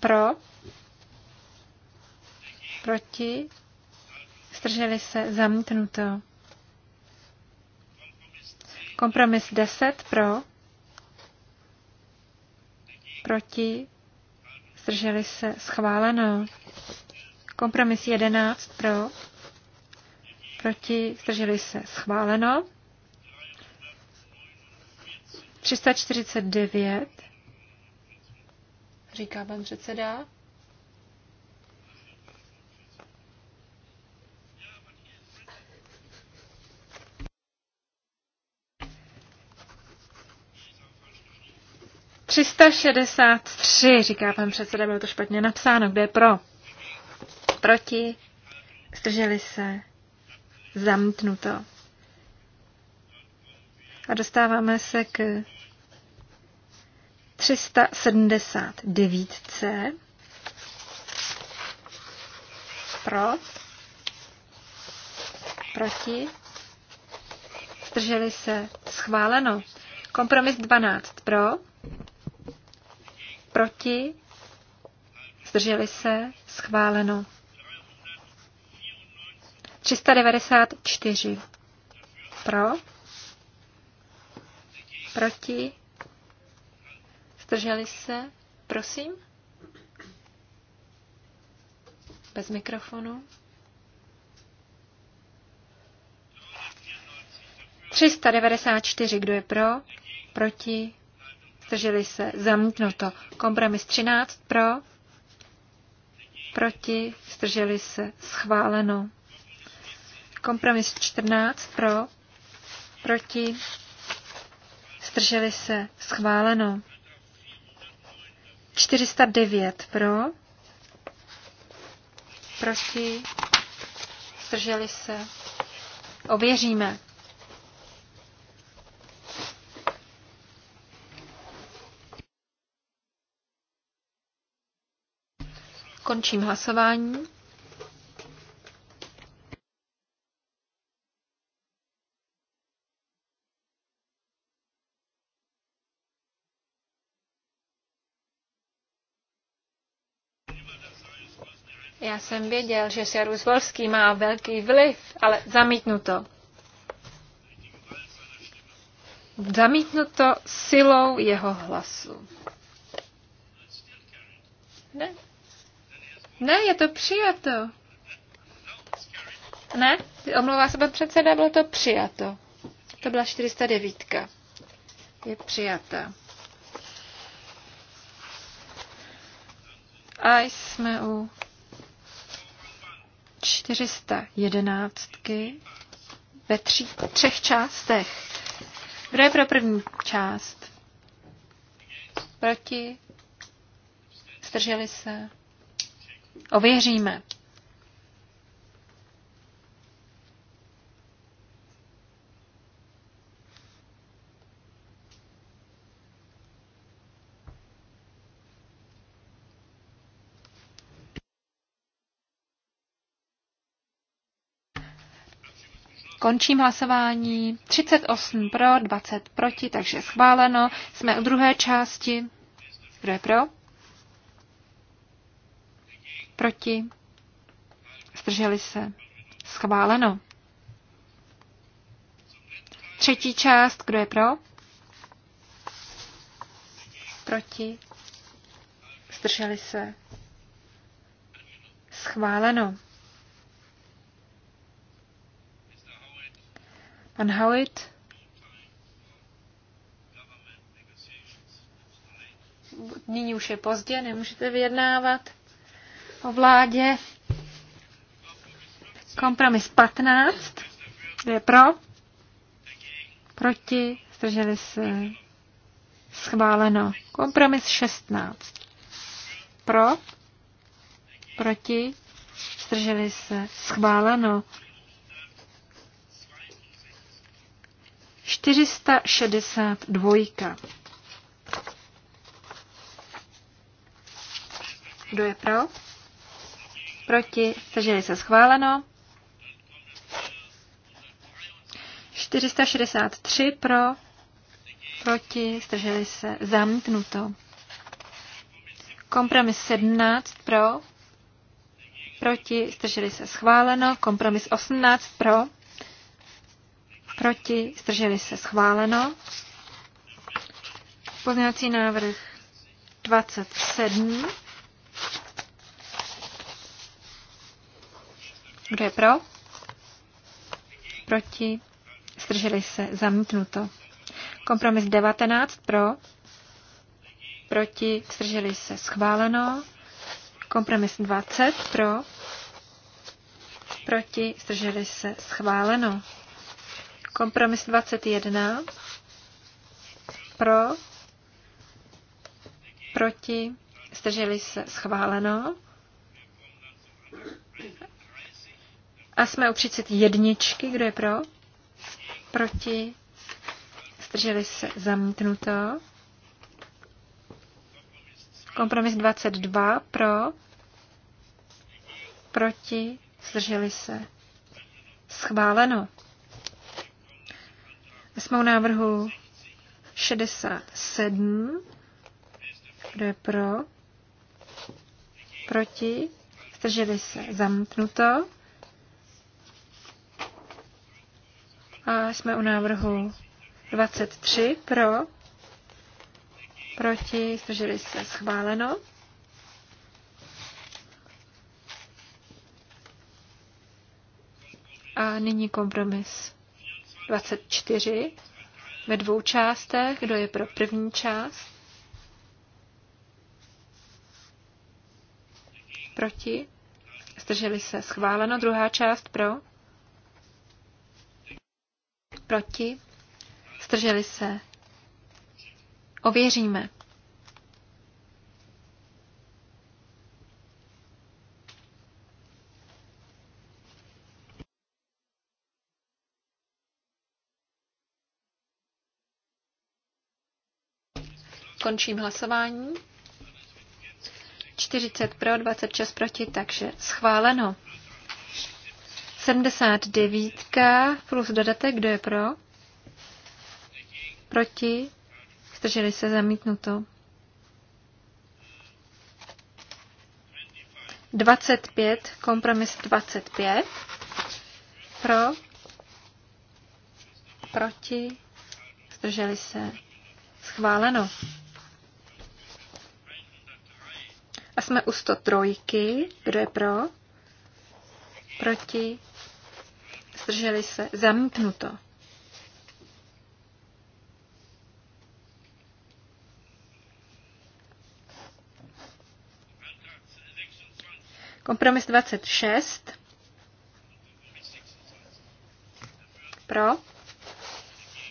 pro? Proti? zdrželi se, zamítnuto. Kompromis 10 pro, proti, zdrželi se, schváleno. Kompromis 11 pro, proti, zdrželi se, schváleno. 349, říká pan předseda. 363, říká pan předseda, bylo to špatně napsáno. Kde je pro? Proti? Zdrželi se? Zamítnuto. A dostáváme se k 379C. Pro? Proti? Zdrželi se? Schváleno. Kompromis 12. Pro? Proti? Zdrželi se? Schváleno. 394. Pro? Proti? Zdrželi se? Prosím? Bez mikrofonu. 394. Kdo je pro? Proti? zdrželi se, zamítnuto. Kompromis 13 pro, proti, zdrželi se, schváleno. Kompromis 14 pro, proti, zdrželi se, schváleno. 409 pro, proti, zdrželi se, ověříme. Končím hlasování. Já jsem věděl, že se Ruzvolský má velký vliv, ale zamítnu to. Zamítnu to silou jeho hlasu. Ne? Ne, je to přijato. Ne, omlouvá se pan předseda, bylo to přijato. To byla 409. Je přijata. A jsme u 411 ve tří, třech částech. Kdo je pro první část? Proti? Strželi se? Ověříme. Končím hlasování. 38 pro, 20 proti, takže schváleno. Jsme u druhé části. Kdo je pro? Proti? Zdrželi se? Schváleno. Třetí část, kdo je pro? Proti? Zdrželi se? Schváleno. Pan Howitt nyní už je pozdě, nemůžete vyjednávat o vládě. Kompromis 15. Kdo je pro? Proti? Zdrželi se? Schváleno. Kompromis 16. Pro? Proti? Zdrželi se? Schváleno. 462. Kdo je pro? proti, zdrželi se schváleno. 463 pro, proti, strželi se zamítnuto. Kompromis 17 pro, proti, strželi se schváleno. Kompromis 18 pro, proti, strželi se schváleno. Pozměňovací návrh 27 Kdo je pro? Proti? Zdrželi se. Zamítnuto. Kompromis 19 pro. Proti? Zdrželi se. Schváleno. Kompromis 20 pro. Proti? Zdrželi se. Schváleno. Kompromis 21 pro. Proti? Zdrželi se. Schváleno. A jsme u 31. Kdo je pro? Proti? Zdrželi se zamítnuto. Kompromis 22 pro, proti, zdrželi se. Schváleno. Jsme u návrhu 67. Kdo je pro? Proti? Zdrželi se. Zamítnuto. A jsme u návrhu 23 pro, proti, zdrželi se schváleno. A nyní kompromis 24 ve dvou částech. Kdo je pro první část? Proti? Zdrželi se schváleno. Druhá část pro? Proti? Strželi se? Ověříme. Končím hlasování. 40 pro, 26 proti, takže schváleno. 79 plus dodatek, kdo je pro? Proti? Zdrželi se zamítnuto. 25, kompromis 25. Pro? Proti? Zdrželi se. Schváleno. A jsme u 103. Kdo je pro? Proti? zdrželi se, zamítnuto. Kompromis 26. Pro.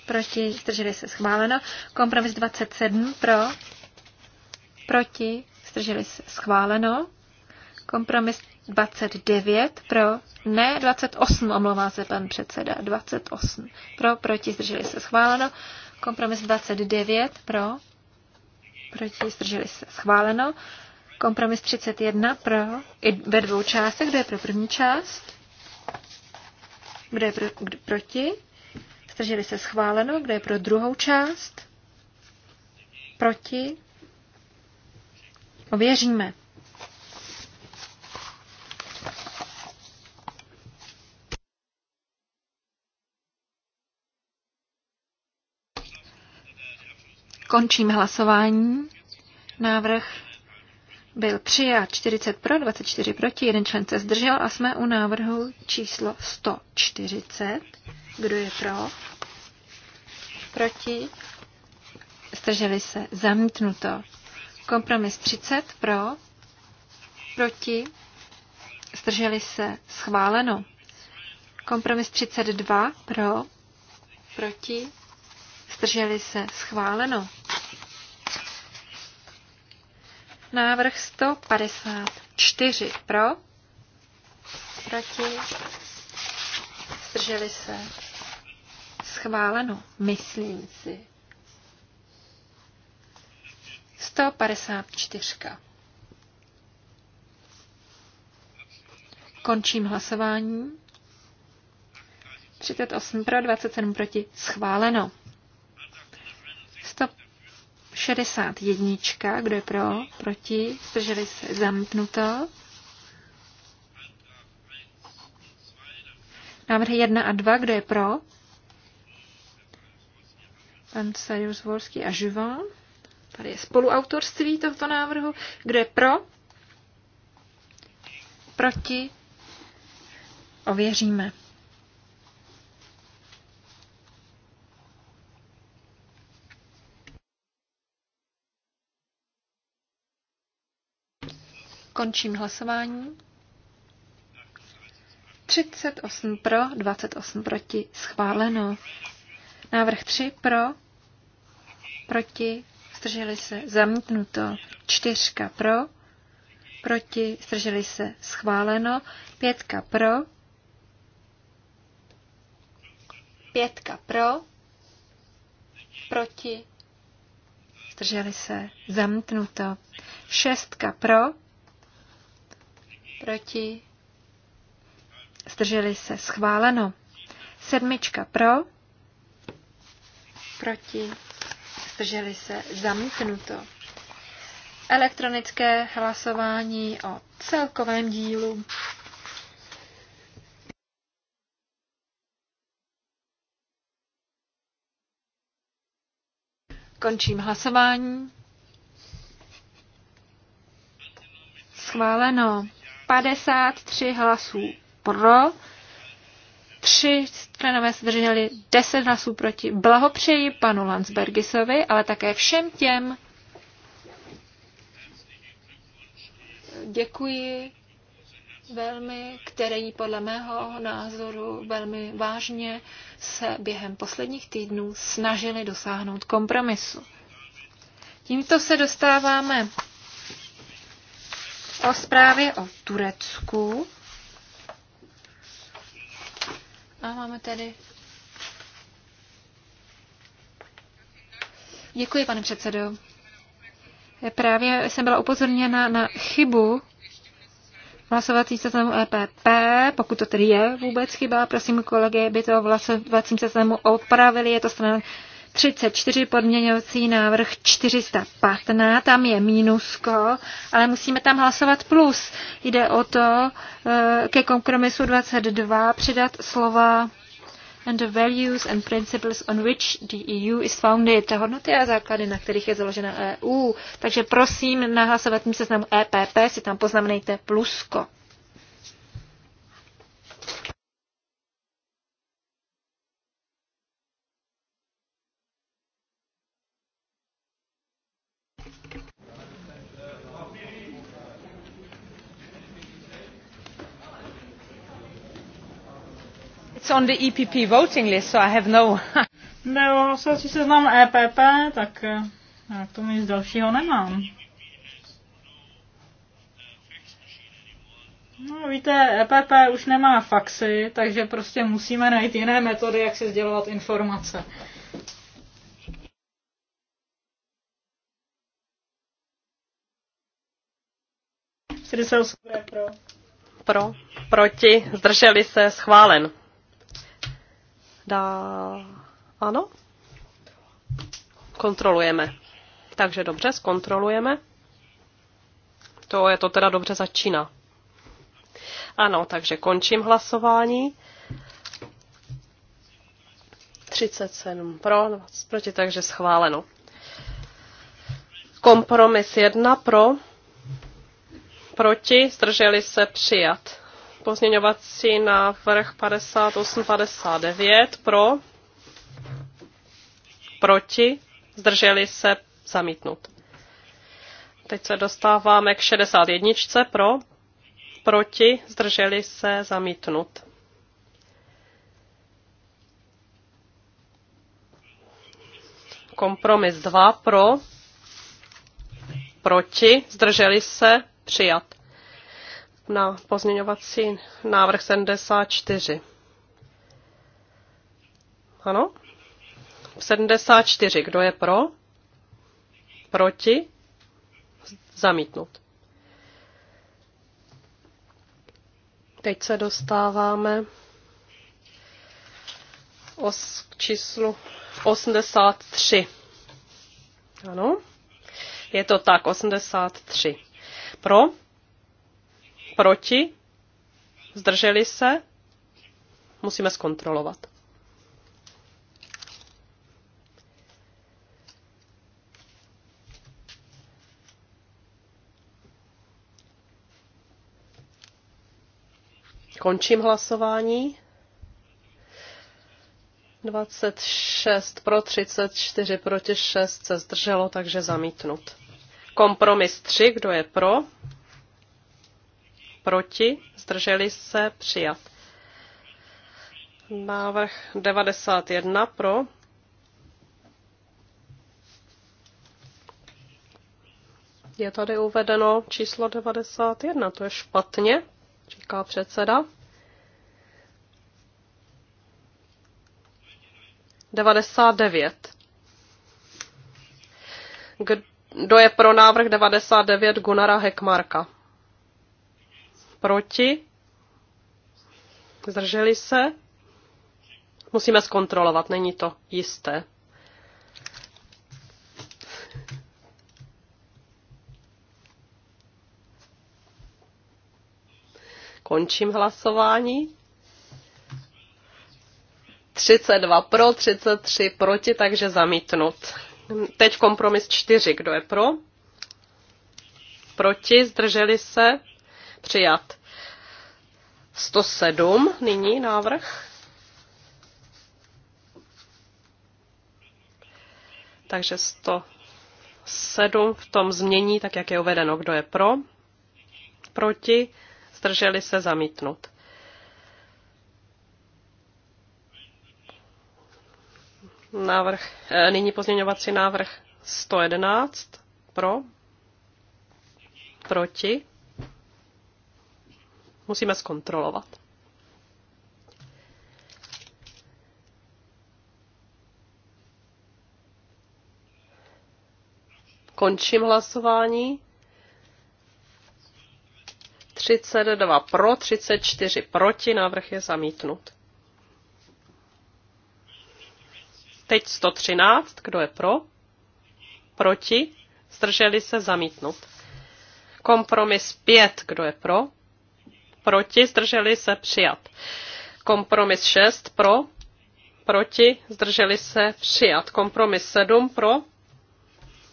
Proti. Zdrželi se. Schváleno. Kompromis 27. Pro. Proti. Zdrželi se. Schváleno. Kompromis 29 pro, ne 28, omlouvá se pan předseda, 28 pro, proti, zdrželi se schváleno. Kompromis 29 pro, proti, zdrželi se schváleno. Kompromis 31 pro, i ve dvou částech, kdo je pro první část, kdo je pro, kdo, proti, zdrželi se schváleno, kdo je pro druhou část, proti, ověříme. Končím hlasování. Návrh byl přijat 40 pro, 24 proti, jeden člen se zdržel a jsme u návrhu číslo 140. Kdo je pro? Proti? Zdrželi se. Zamítnuto. Kompromis 30 pro, proti, zdrželi se. Schváleno. Kompromis 32 pro, proti, zdrželi se. Schváleno. Návrh 154 pro, proti, zdrželi se. Schváleno, myslím si. 154. Končím hlasování. 38 pro, 27 proti. Schváleno. 61. Kdo je pro? Proti? Zdrželi se? Zamítnuto. Návrhy 1 a 2. Kdo je pro? Pan Sajus Volský a Živon. Tady je spoluautorství tohoto návrhu. Kdo je pro? Proti? Ověříme. Končím hlasování. 38 pro, 28 proti, schváleno. Návrh 3 pro, proti, zdrželi se, zamítnuto. 4 pro, proti, zdrželi se, schváleno. 5 pro, 5 pro, proti, zdrželi se, zamítnuto. 6 pro, proti, zdrželi se, schváleno. Sedmička pro, proti, zdrželi se, zamítnuto. Elektronické hlasování o celkovém dílu. Končím hlasování. Schváleno. 53 hlasů pro, 3 stranové se drželi 10 hlasů proti. Blahopřeji panu Landsbergisovi, ale také všem těm, děkuji velmi, který podle mého názoru velmi vážně se během posledních týdnů snažili dosáhnout kompromisu. Tímto se dostáváme o zprávě o Turecku. A máme tady. Děkuji, pane předsedo. Právě jsem byla upozorněna na chybu hlasovací seznamu EPP, pokud to tedy je vůbec chyba, prosím kolegy, by to v hlasovacím seznamu opravili, je to strana 34 podměňovací návrh 415, tam je mínusko, ale musíme tam hlasovat plus. Jde o to eh, ke kompromisu 22 přidat slova and the values and principles on which the EU is founded, hodnoty a základy, na kterých je založena EU. Takže prosím, na hlasovatním seznamu EPP si tam poznamenejte plusko. It's on the EPP voting list, so I have no... Nebo hlasovací seznam EPP, tak eh, já k tomu nic dalšího nemám. No víte, EPP už nemá faxy, takže prostě musíme najít jiné metody, jak si sdělovat informace. pro. pro, proti, zdrželi se, schválen. Dá... Ano? Kontrolujeme. Takže dobře, zkontrolujeme. To je to teda dobře začíná. Ano, takže končím hlasování. 37 pro, 20 no, proti, takže schváleno. Kompromis 1 pro, proti, zdrželi se přijat. Pozměňovací návrh 59 pro, proti, zdrželi se zamítnut. Teď se dostáváme k 61 pro, proti, zdrželi se zamítnut. Kompromis 2 pro, proti, zdrželi se přijat na pozměňovací návrh 74. Ano? 74. Kdo je pro? Proti? Zamítnut. Teď se dostáváme os k číslu 83. Ano? Je to tak, 83. Pro? Proti? Zdrželi se? Musíme zkontrolovat. Končím hlasování. 26 pro 34 proti 6 se zdrželo, takže zamítnut. Kompromis 3, kdo je pro? proti, zdrželi se, přijat. Návrh 91 pro, je tady uvedeno číslo 91, to je špatně, říká předseda. 99. Kdo je pro návrh 99 Gunara Hekmarka? Proti? Zdrželi se? Musíme zkontrolovat, není to jisté. Končím hlasování. 32 pro, 33 proti, takže zamítnut. Teď kompromis 4. Kdo je pro? Proti, zdrželi se, Přijat. 107 nyní návrh. Takže 107 v tom změní, tak jak je uvedeno, kdo je pro, proti, zdrželi se zamítnut. Návrh, e, nyní pozměňovací návrh 111 pro, proti, Musíme zkontrolovat. Končím hlasování. 32 pro, 34 proti, návrh je zamítnut. Teď 113, kdo je pro? Proti, zdrželi se zamítnut. Kompromis 5, kdo je pro? proti, zdrželi se přijat. Kompromis 6 pro, proti, zdrželi se přijat. Kompromis 7 pro,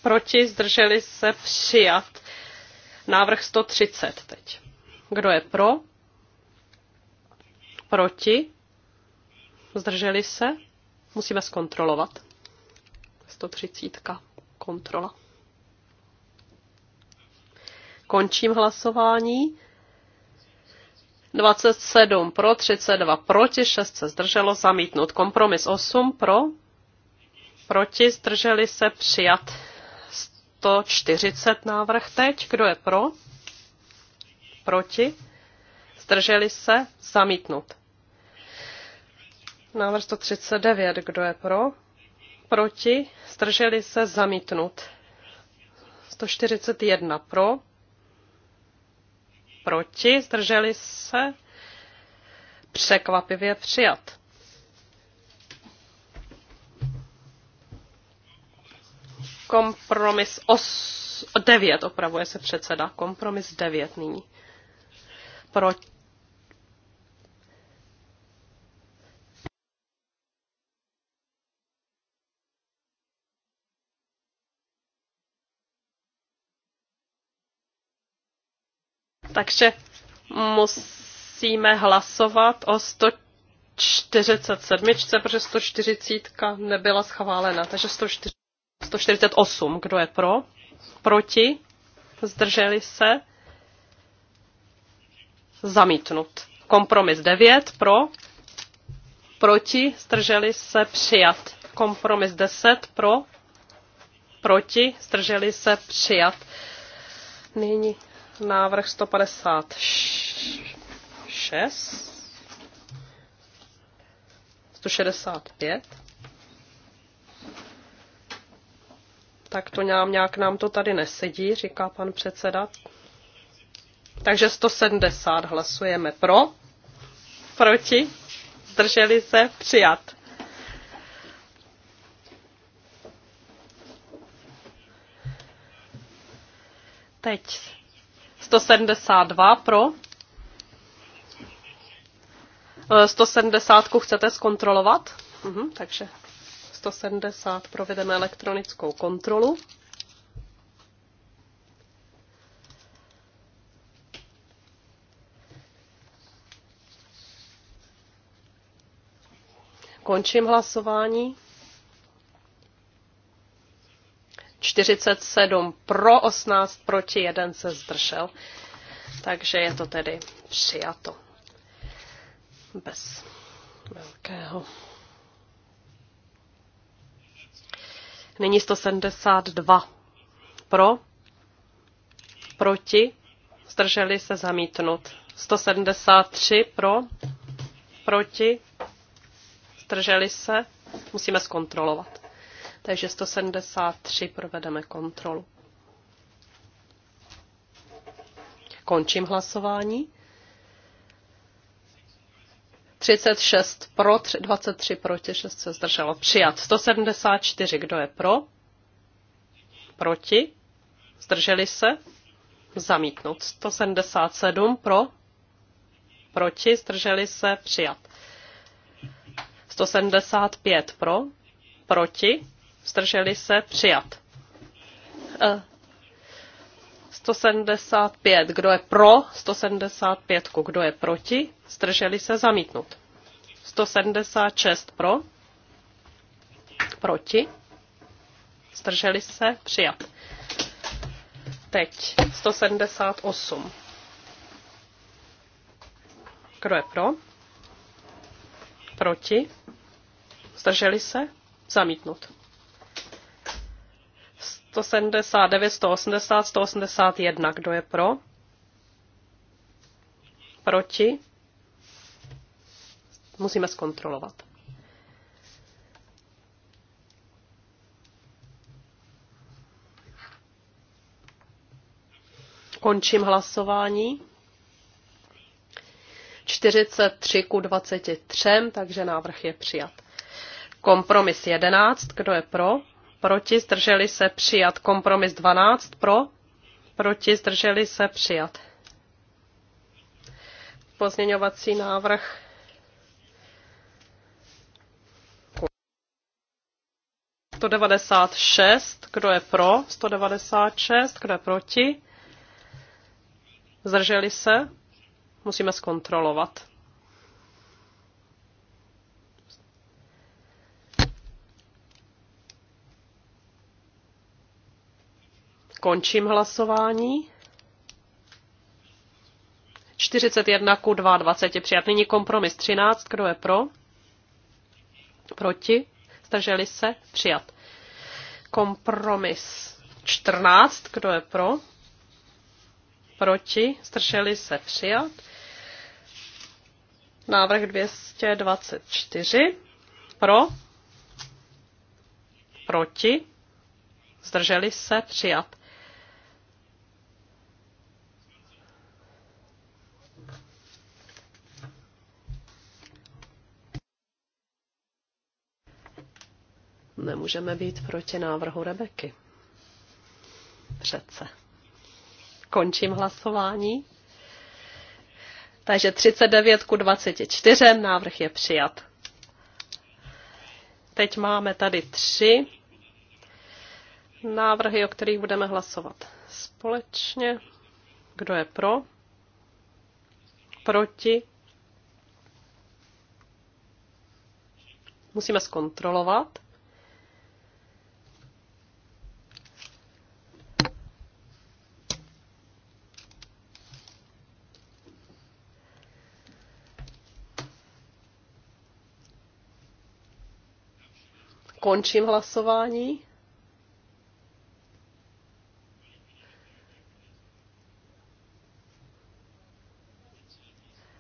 proti, zdrželi se přijat. Návrh 130 teď. Kdo je pro? Proti? Zdrželi se? Musíme zkontrolovat. 130. Kontrola. Končím hlasování. 27 pro, 32 proti, 6 se zdrželo, zamítnut. Kompromis 8 pro, proti, zdrželi se, přijat 140 návrh teď. Kdo je pro? Proti? Zdrželi se, zamítnut. Návrh 139, kdo je pro? Proti, zdrželi se, zamítnut. 141 pro, proti, zdrželi se, překvapivě přijat. Kompromis 9, opravuje se předseda, kompromis 9 nyní. Proti Takže musíme hlasovat o 147, protože 140 nebyla schválena. Takže 148. Kdo je pro? Proti? Zdrželi se? Zamítnut. Kompromis 9 pro, proti, zdrželi se přijat. Kompromis 10 pro, proti, zdrželi se přijat. Nyní Návrh 156. 165. Tak to nám nějak nám to tady nesedí, říká pan předseda. Takže 170 hlasujeme pro, proti, zdrželi se, přijat. Teď 172 pro. 170 eh, chcete zkontrolovat? Mhm, takže 170 provedeme elektronickou kontrolu. Končím hlasování. 47 pro, 18 proti, 1 se zdržel. Takže je to tedy přijato. Bez velkého. Nyní 172 pro, proti, zdrželi se zamítnut. 173 pro, proti, zdrželi se, musíme zkontrolovat takže 173 provedeme kontrolu. Končím hlasování. 36 pro, 23 proti, 6 se zdrželo. Přijat. 174, kdo je pro? Proti? Zdrželi se? Zamítnout. 177 pro? Proti? Zdrželi se? Přijat. 175 pro? Proti? zdrželi se, přijat. 175. Eh, kdo je pro 175? Kdo je proti? Zdrželi se zamítnut. 176 pro. Proti. Zdrželi se přijat. Teď 178. Kdo je pro? Proti. Zdrželi se zamítnut. 179, 180, 181. Kdo je pro? Proti? Musíme zkontrolovat. Končím hlasování. 43 ku 23, takže návrh je přijat. Kompromis 11, kdo je pro? proti, zdrželi se přijat. Kompromis 12 pro, proti, zdrželi se přijat. Pozměňovací návrh Sto devadesát šest, kdo je pro? Sto devadesát šest, kdo je proti? Zdrželi se? Musíme zkontrolovat. Končím hlasování. 41 ku 22 přijat. Nyní kompromis 13. Kdo je pro? Proti? Zdrželi se? Přijat. Kompromis 14. Kdo je pro? Proti? Zdrželi se? Přijat. Návrh 224. Pro? Proti? Zdrželi se? Přijat. Nemůžeme být proti návrhu Rebeky. Přece. Končím hlasování. Takže 39 ku 24 návrh je přijat. Teď máme tady tři návrhy, o kterých budeme hlasovat společně. Kdo je pro? Proti? Musíme zkontrolovat. Končím hlasování.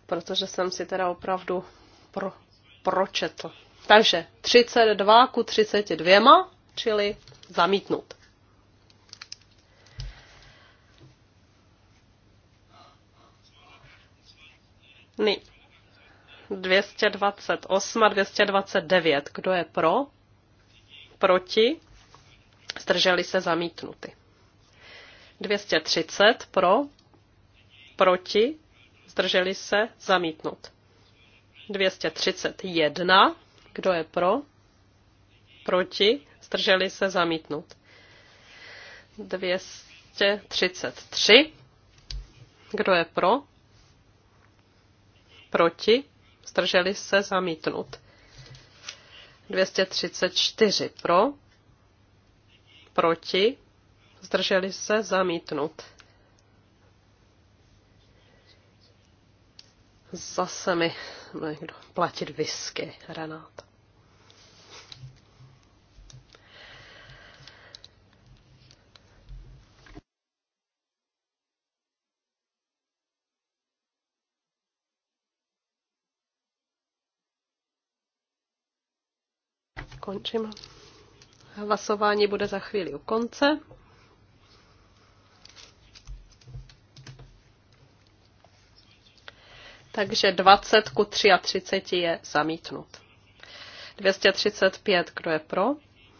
Protože jsem si teda opravdu pro, pročetl. Takže 32 ku 32, čili zamítnut. Ne. 228 a 229. Kdo je pro? proti, zdrželi se zamítnuty. 230 pro, proti, zdrželi se zamítnut. 231, kdo je pro, proti, zdrželi se zamítnut. 233, kdo je pro, proti, zdrželi se zamítnut. 234 pro, proti, zdrželi se, zamítnut. Zase mi někdo platit whisky, Renát. Končím. Hlasování bude za chvíli u konce. Takže 20 ku 33 je zamítnut. 235, kdo je pro?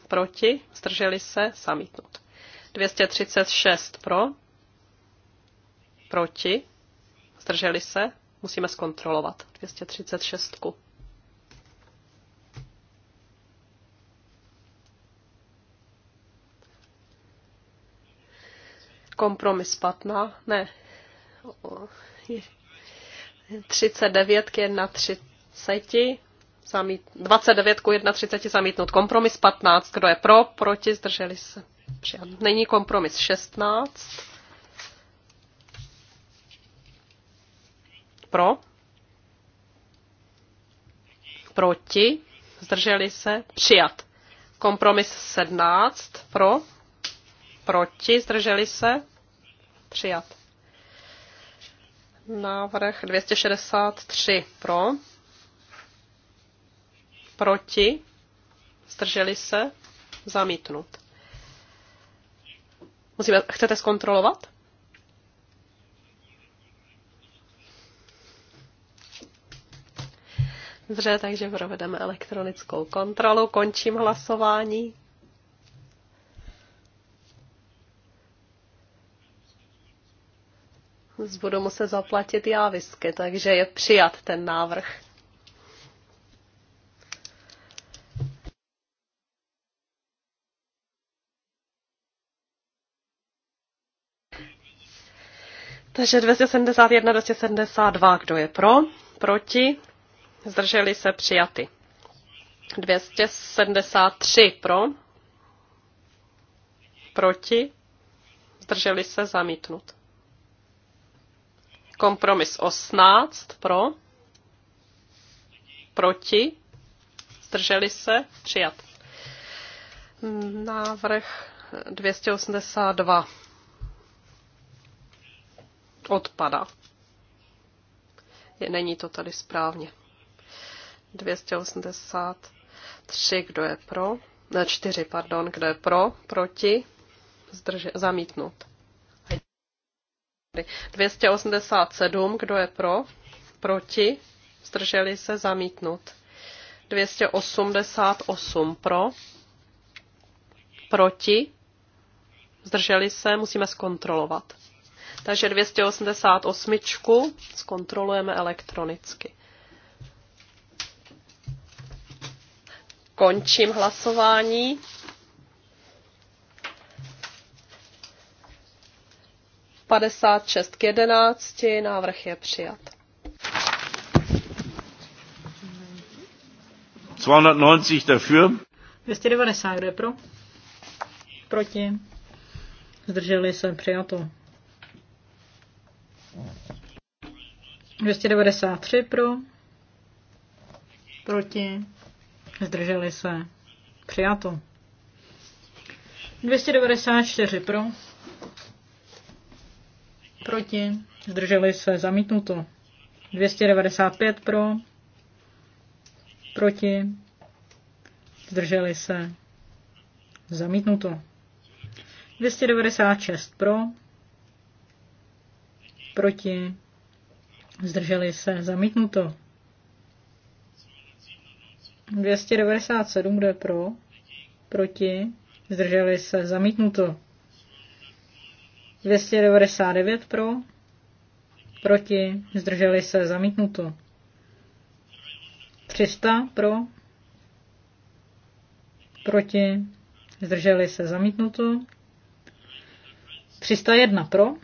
Proti? Zdrželi se? Zamítnut. 236 pro? Proti? Zdrželi se? Musíme zkontrolovat. 236. ku. Kompromis 15, ne. 39 k 31, zamít, 29 k 31 zamítnout. Kompromis 15, kdo je pro, proti, zdrželi se. Přijat. Není kompromis 16. Pro. Proti. Zdrželi se. Přijat. Kompromis 17. Pro proti, zdrželi se, přijat. Návrh 263 pro, proti, zdrželi se, zamítnut. Musíme, chcete zkontrolovat? Dobře, takže provedeme elektronickou kontrolu, končím hlasování. budu muset zaplatit já visky, takže je přijat ten návrh. Takže 271, 272, kdo je pro, proti, zdrželi se přijaty. 273 pro, proti, zdrželi se zamítnut. Kompromis 18 pro, proti, zdrželi se, přijat. Návrh 282 odpada. Je, není to tady správně. 283, kdo je pro? Ne, 4, pardon, kdo je pro, proti, zdrže, zamítnut přijaty. 287, kdo je pro? Proti? Zdrželi se zamítnut. 288 pro? Proti? Zdrželi se, musíme zkontrolovat. Takže 288 zkontrolujeme elektronicky. Končím hlasování. 56 k 11, návrh je přijat. 290 dafür. 290, kdo je pro? Proti. Zdrželi se, přijato. 293 pro. Proti. Zdrželi se. Přijato. 294 pro proti, zdrželi se, zamítnuto. 295 pro, proti, zdrželi se, zamítnuto. 296 pro, proti, zdrželi se, zamítnuto. 297 kde pro, proti, zdrželi se, zamítnuto. 299 pro, proti, zdrželi se, zamítnuto. 300 pro, proti, zdrželi se, zamítnuto. 301 pro,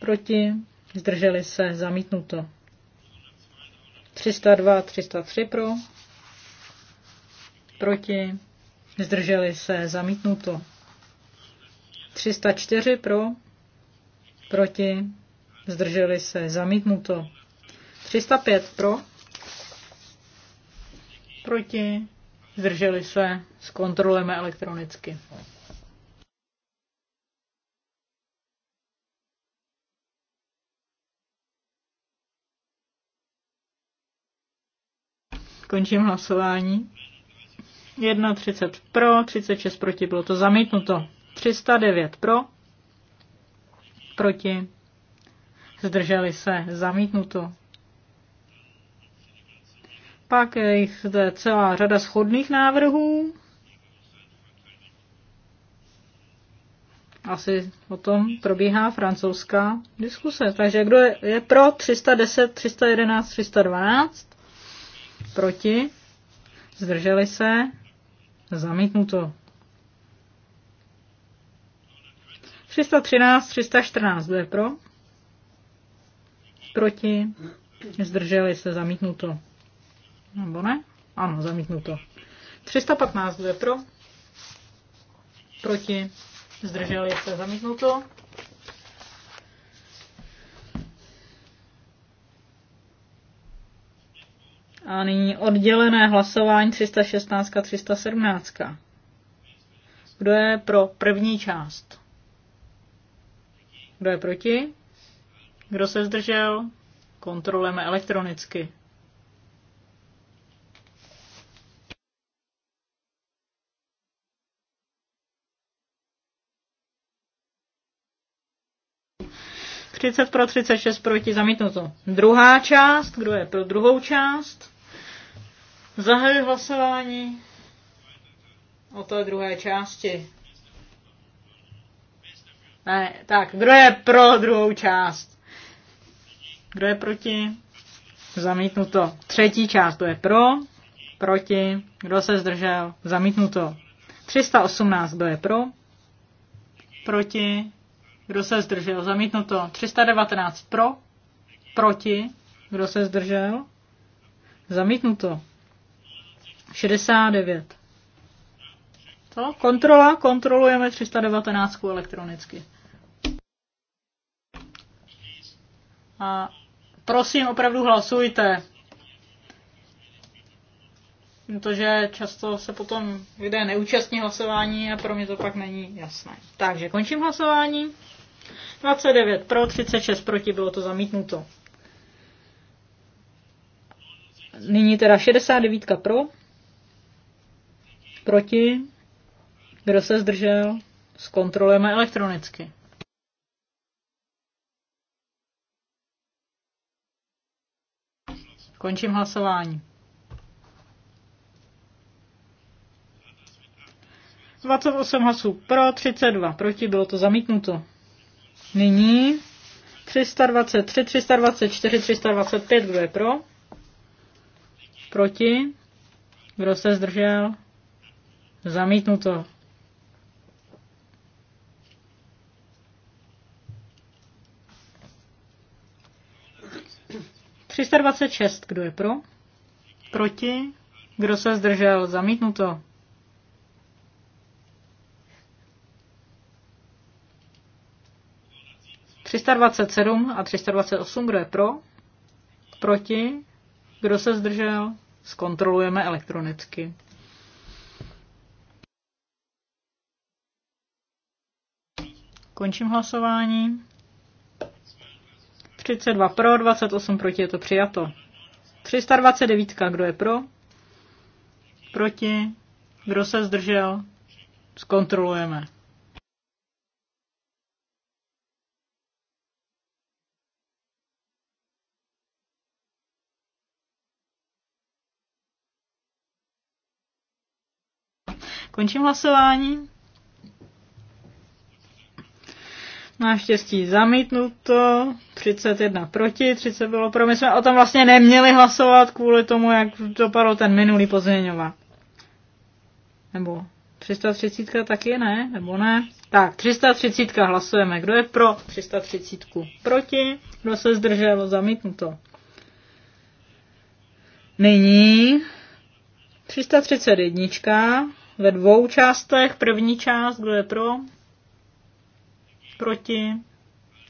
proti, zdrželi se, zamítnuto. 302, 303 pro, proti, zdrželi se, zamítnuto. 304 pro, proti, zdrželi se, zamítnuto. 305 pro, proti, zdrželi se, zkontrolujeme elektronicky. Končím hlasování. 130 pro, 36 proti, bylo to zamítnuto. 309 pro, proti, zdrželi se, zamítnuto. Pak je jich zde celá řada schodných návrhů. Asi o tom probíhá francouzská diskuse. Takže kdo je, je pro 310, 311, 312? Proti? Zdrželi se? Zamítnuto. 313, 314, kdo je pro? Proti? Zdrželi se, zamítnuto. Nebo ne? Ano, zamítnuto. 315, kdo je pro? Proti? Zdrželi se, zamítnuto. A nyní oddělené hlasování 316 317. Kdo je pro první část? Kdo je proti? Kdo se zdržel? Kontrolujeme elektronicky. Třicet pro 36 proti zamítnuto. Druhá část, kdo je pro druhou část? Zahajuji hlasování o té druhé části. Ne, tak, kdo je pro druhou část? Kdo je proti? Zamítnuto. Třetí část, to je pro, proti, kdo se zdržel? Zamítnuto. 318, kdo je pro, proti, kdo se zdržel? Zamítnuto. 319 pro, proti, kdo se zdržel? Zamítnuto. 69. To kontrola, kontrolujeme 319 elektronicky. A prosím, opravdu hlasujte. Protože často se potom lidé neúčastní hlasování a pro mě to pak není jasné. Takže končím hlasování. 29 pro, 36 proti, bylo to zamítnuto. Nyní teda 69 pro, proti, kdo se zdržel, zkontrolujeme elektronicky. Končím hlasování. 28 hlasů pro, 32 proti, bylo to zamítnuto. Nyní 323, 324, 325, kdo je pro? Proti? Kdo se zdržel? Zamítnuto. 326, kdo je pro? Proti? Kdo se zdržel? Zamítnuto. ...327 a 328, kdo je pro? Proti? Kdo se zdržel? Zkontrolujeme elektronicky. Končím hlasování. 32 pro, 28 proti je to přijato. 329, kdo je pro? Proti? Kdo se zdržel? Zkontrolujeme. Končím hlasování. Naštěstí zamítnuto, 31 proti, 30 bylo pro. My jsme o tom vlastně neměli hlasovat kvůli tomu, jak dopadl ten minulý pozměňovat. Nebo 330 taky ne, nebo ne? Tak, 330 hlasujeme. Kdo je pro 330? Proti? Kdo se zdržel? Zamítnuto. Nyní 331 ve dvou částech. První část, kdo je pro? Proti.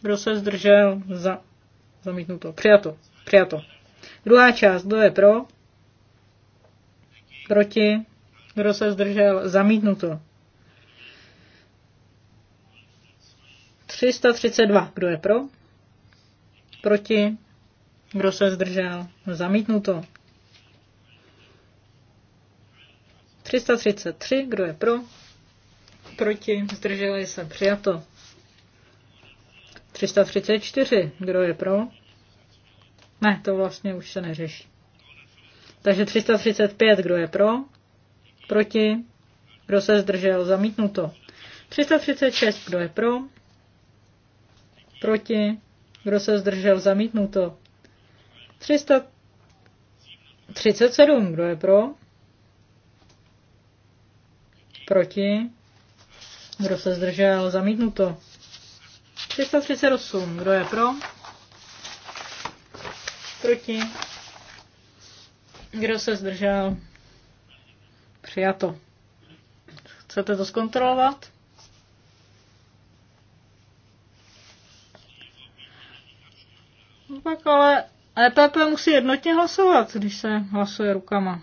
Kdo se zdržel? Za. Zamítnuto. Přijato. Přijato. Druhá část. Kdo je pro? Proti. Kdo se zdržel? Zamítnuto. 332. Kdo je pro? Proti. Kdo se zdržel? Zamítnuto. 333. Kdo je pro? Proti. Zdrželi se. Přijato. 334. Kdo je pro? Ne, to vlastně už se neřeší. Takže 335. Kdo je pro? Proti? Kdo se zdržel? Zamítnuto. 336. Kdo je pro? Proti? Kdo se zdržel? Zamítnuto. 337. Kdo je pro? Proti? Kdo se zdržel? Zamítnuto. 338. Kdo je pro? Proti? Kdo se zdržel? Přijato. Chcete to zkontrolovat? No tak ale EPP musí jednotně hlasovat, když se hlasuje rukama.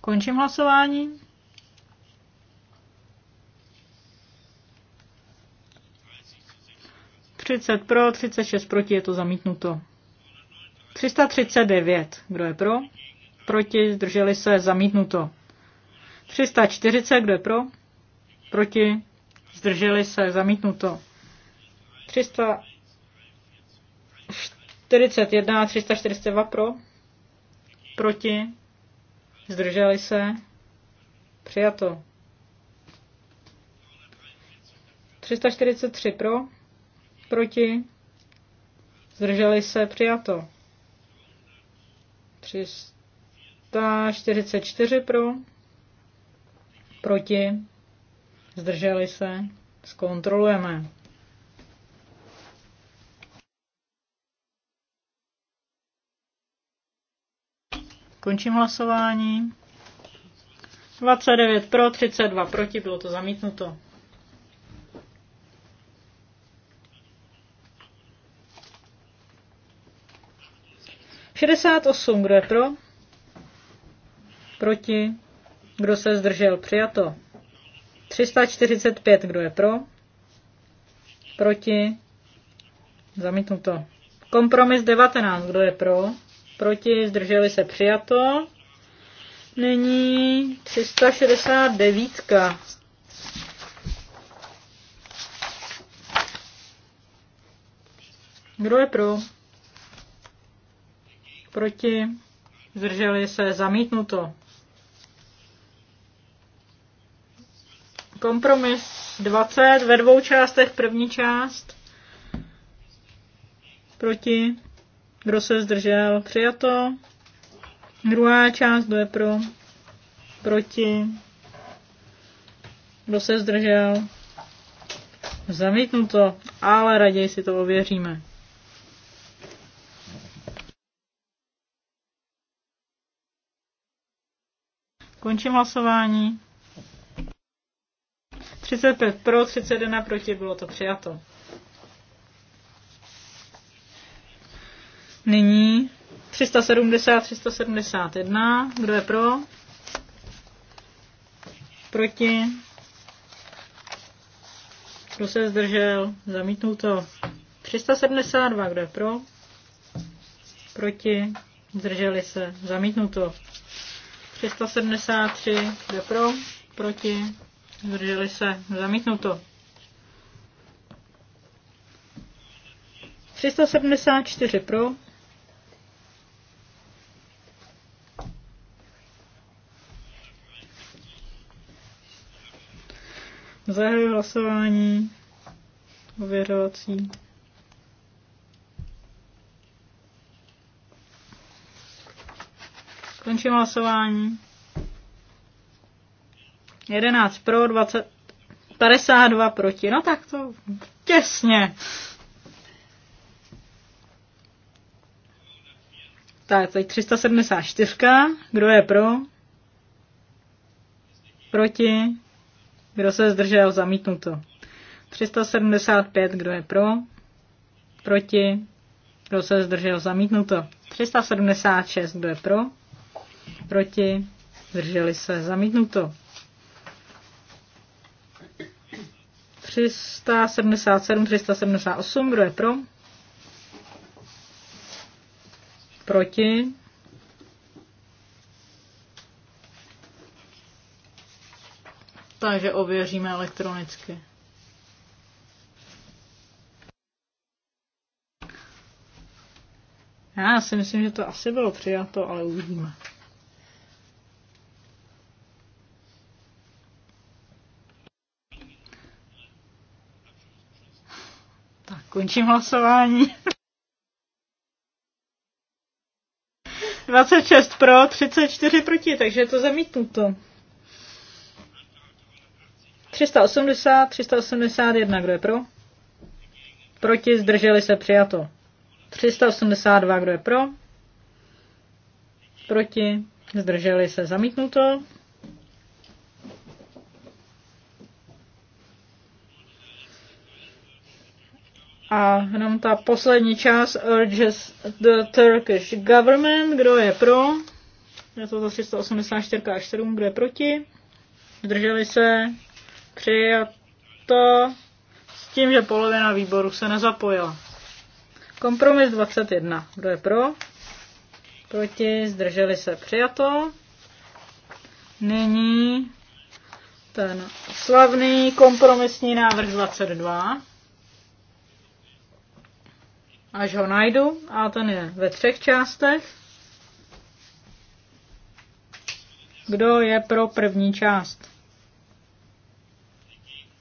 Končím hlasování. 30 pro, 36 proti, je to zamítnuto. 339, kdo je pro? Proti, zdrželi se, zamítnuto. 340, kdo je pro? Proti, zdrželi se, zamítnuto. 341 342 pro, proti, zdrželi se, přijato. 343 pro, Proti? Zdrželi se? Přijato. 344 pro. Proti? Zdrželi se? Zkontrolujeme. Končím hlasování. 29 pro, 32 proti, bylo to zamítnuto. 68, kdo je pro? Proti? Kdo se zdržel? Přijato. 345, kdo je pro? Proti? Zamítnuto. Kompromis 19, kdo je pro? Proti? Zdrželi se? Přijato. Nyní 369. Kdo je pro? Proti? Zdrželi se? Zamítnuto. Kompromis 20 ve dvou částech. První část. Proti? Kdo se zdržel? Přijato. Druhá část, kdo je pro? Proti? Kdo se zdržel? Zamítnuto, ale raději si to ověříme. Končím hlasování. 35 pro, 31 proti, bylo to přijato. Nyní 370, 371. Kdo je pro? Proti? Kdo se zdržel? to. 372. Kdo je pro? Proti? Zdrželi se. to. 373, jde pro, proti, zdrželi se, zamítnuto. 374 pro, Zahajuji hlasování ověřovací. Končím hlasování. 11 pro, 20, 52 proti. No tak to těsně. Tak, teď 374. Kdo je pro? Proti? Kdo se zdržel? Zamítnuto. 375. Kdo je pro? Proti? Kdo se zdržel? Zamítnuto. 376. Kdo je pro? proti, zdrželi se, zamítnuto. 377, 378, kdo je pro? Proti. Takže ověříme elektronicky. Já si myslím, že to asi bylo přijato, ale uvidíme. Končím hlasování. 26 pro, 34 proti, takže je to zamítnuto. 380, 381, kdo je pro? Proti, zdrželi se, přijato. 382, kdo je pro? Proti, zdrželi se, zamítnuto. A jenom ta poslední část urges the Turkish government, kdo je pro? Je to za 384 až 7, kdo je proti? Zdrželi se? Přijato s tím, že polovina výboru se nezapojila. Kompromis 21. Kdo je pro? Proti? Zdrželi se? Přijato. Nyní ten slavný kompromisní návrh 22 až ho najdu, a ten je ve třech částech. Kdo je pro první část?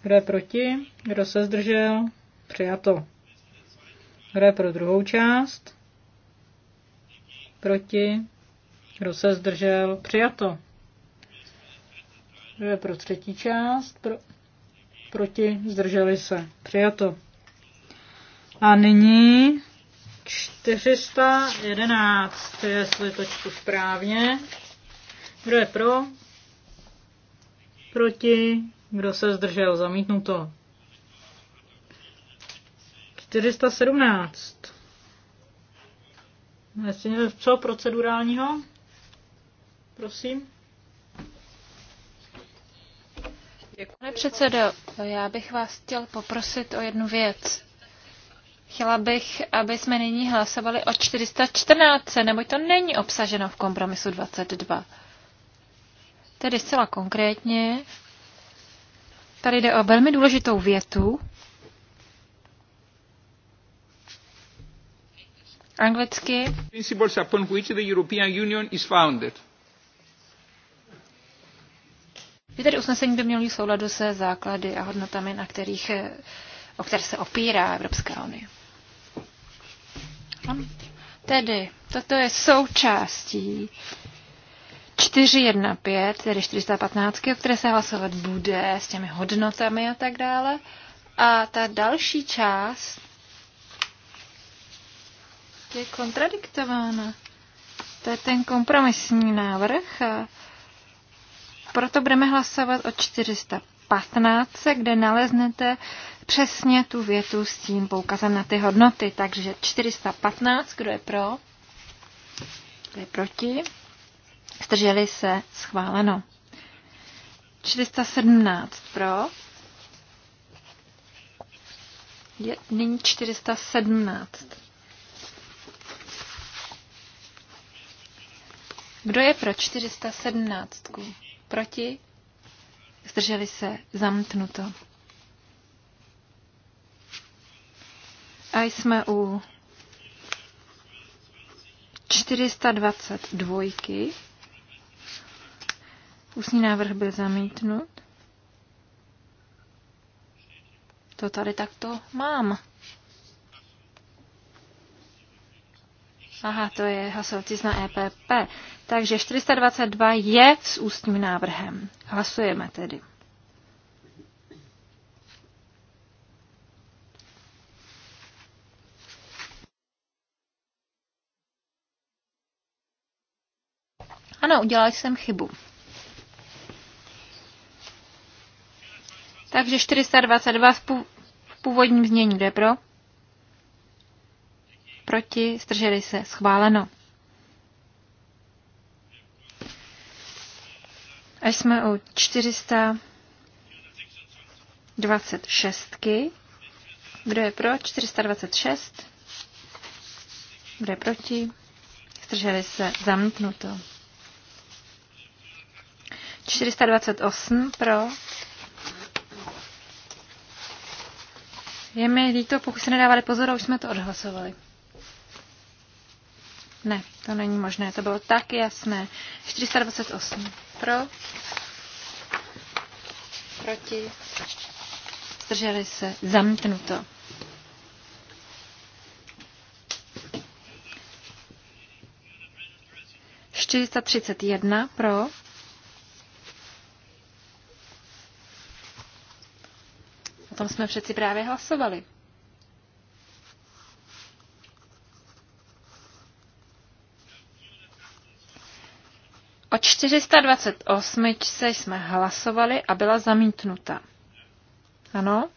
Kdo je proti? Kdo se zdržel? Přijato. Kdo je pro druhou část? Proti? Kdo se zdržel? Přijato. Kdo je pro třetí část? Pro, proti? Zdrželi se. Přijato. A nyní 411, jestli to čtu správně. Kdo je pro? Proti? Kdo se zdržel? Zamítnuto. 417. co procedurálního? Prosím. Pane předsedo, já bych vás chtěl poprosit o jednu věc. Chtěla bych, aby jsme nyní hlasovali o 414, neboť to není obsaženo v kompromisu 22. Tedy zcela konkrétně, tady jde o velmi důležitou větu. Anglicky. Principles upon which the European Union is founded. tedy usnesení by mělo souladu se základy a hodnotami, na kterých, o které se opírá Evropská unie. Tedy, toto je součástí 415, tedy 415, o které se hlasovat bude, s těmi hodnotami a tak dále. A ta další část je kontradiktována. To je ten kompromisní návrh. A proto budeme hlasovat o 415, kde naleznete přesně tu větu s tím poukazem na ty hodnoty. Takže 415, kdo je pro? Kdo je proti? Zdrželi se, schváleno. 417 pro. Je nyní 417. Kdo je pro 417? Proti? Zdrželi se zamknuto. A jsme u 422. Ústní návrh byl zamítnut. To tady takto mám. Aha, to je hlasovací na EPP. Takže 422 je s ústním návrhem. Hlasujeme tedy. Ano, udělal jsem chybu. Takže 422 v původním znění. Kdo pro? Proti? Strželi se. Schváleno. Až jsme u 426. Kdo je pro? 426. Kdo je proti? Strželi se. Zamítnuto. 428 pro. Je mi líto, pokud se nedávali pozor, už jsme to odhlasovali. Ne, to není možné, to bylo tak jasné. 428 pro. Proti. Zdrželi se. Zamítnuto. Čtyřista třicet jedna pro. O tom jsme přeci právě hlasovali. O 428 jsme hlasovali a byla zamítnuta. Ano?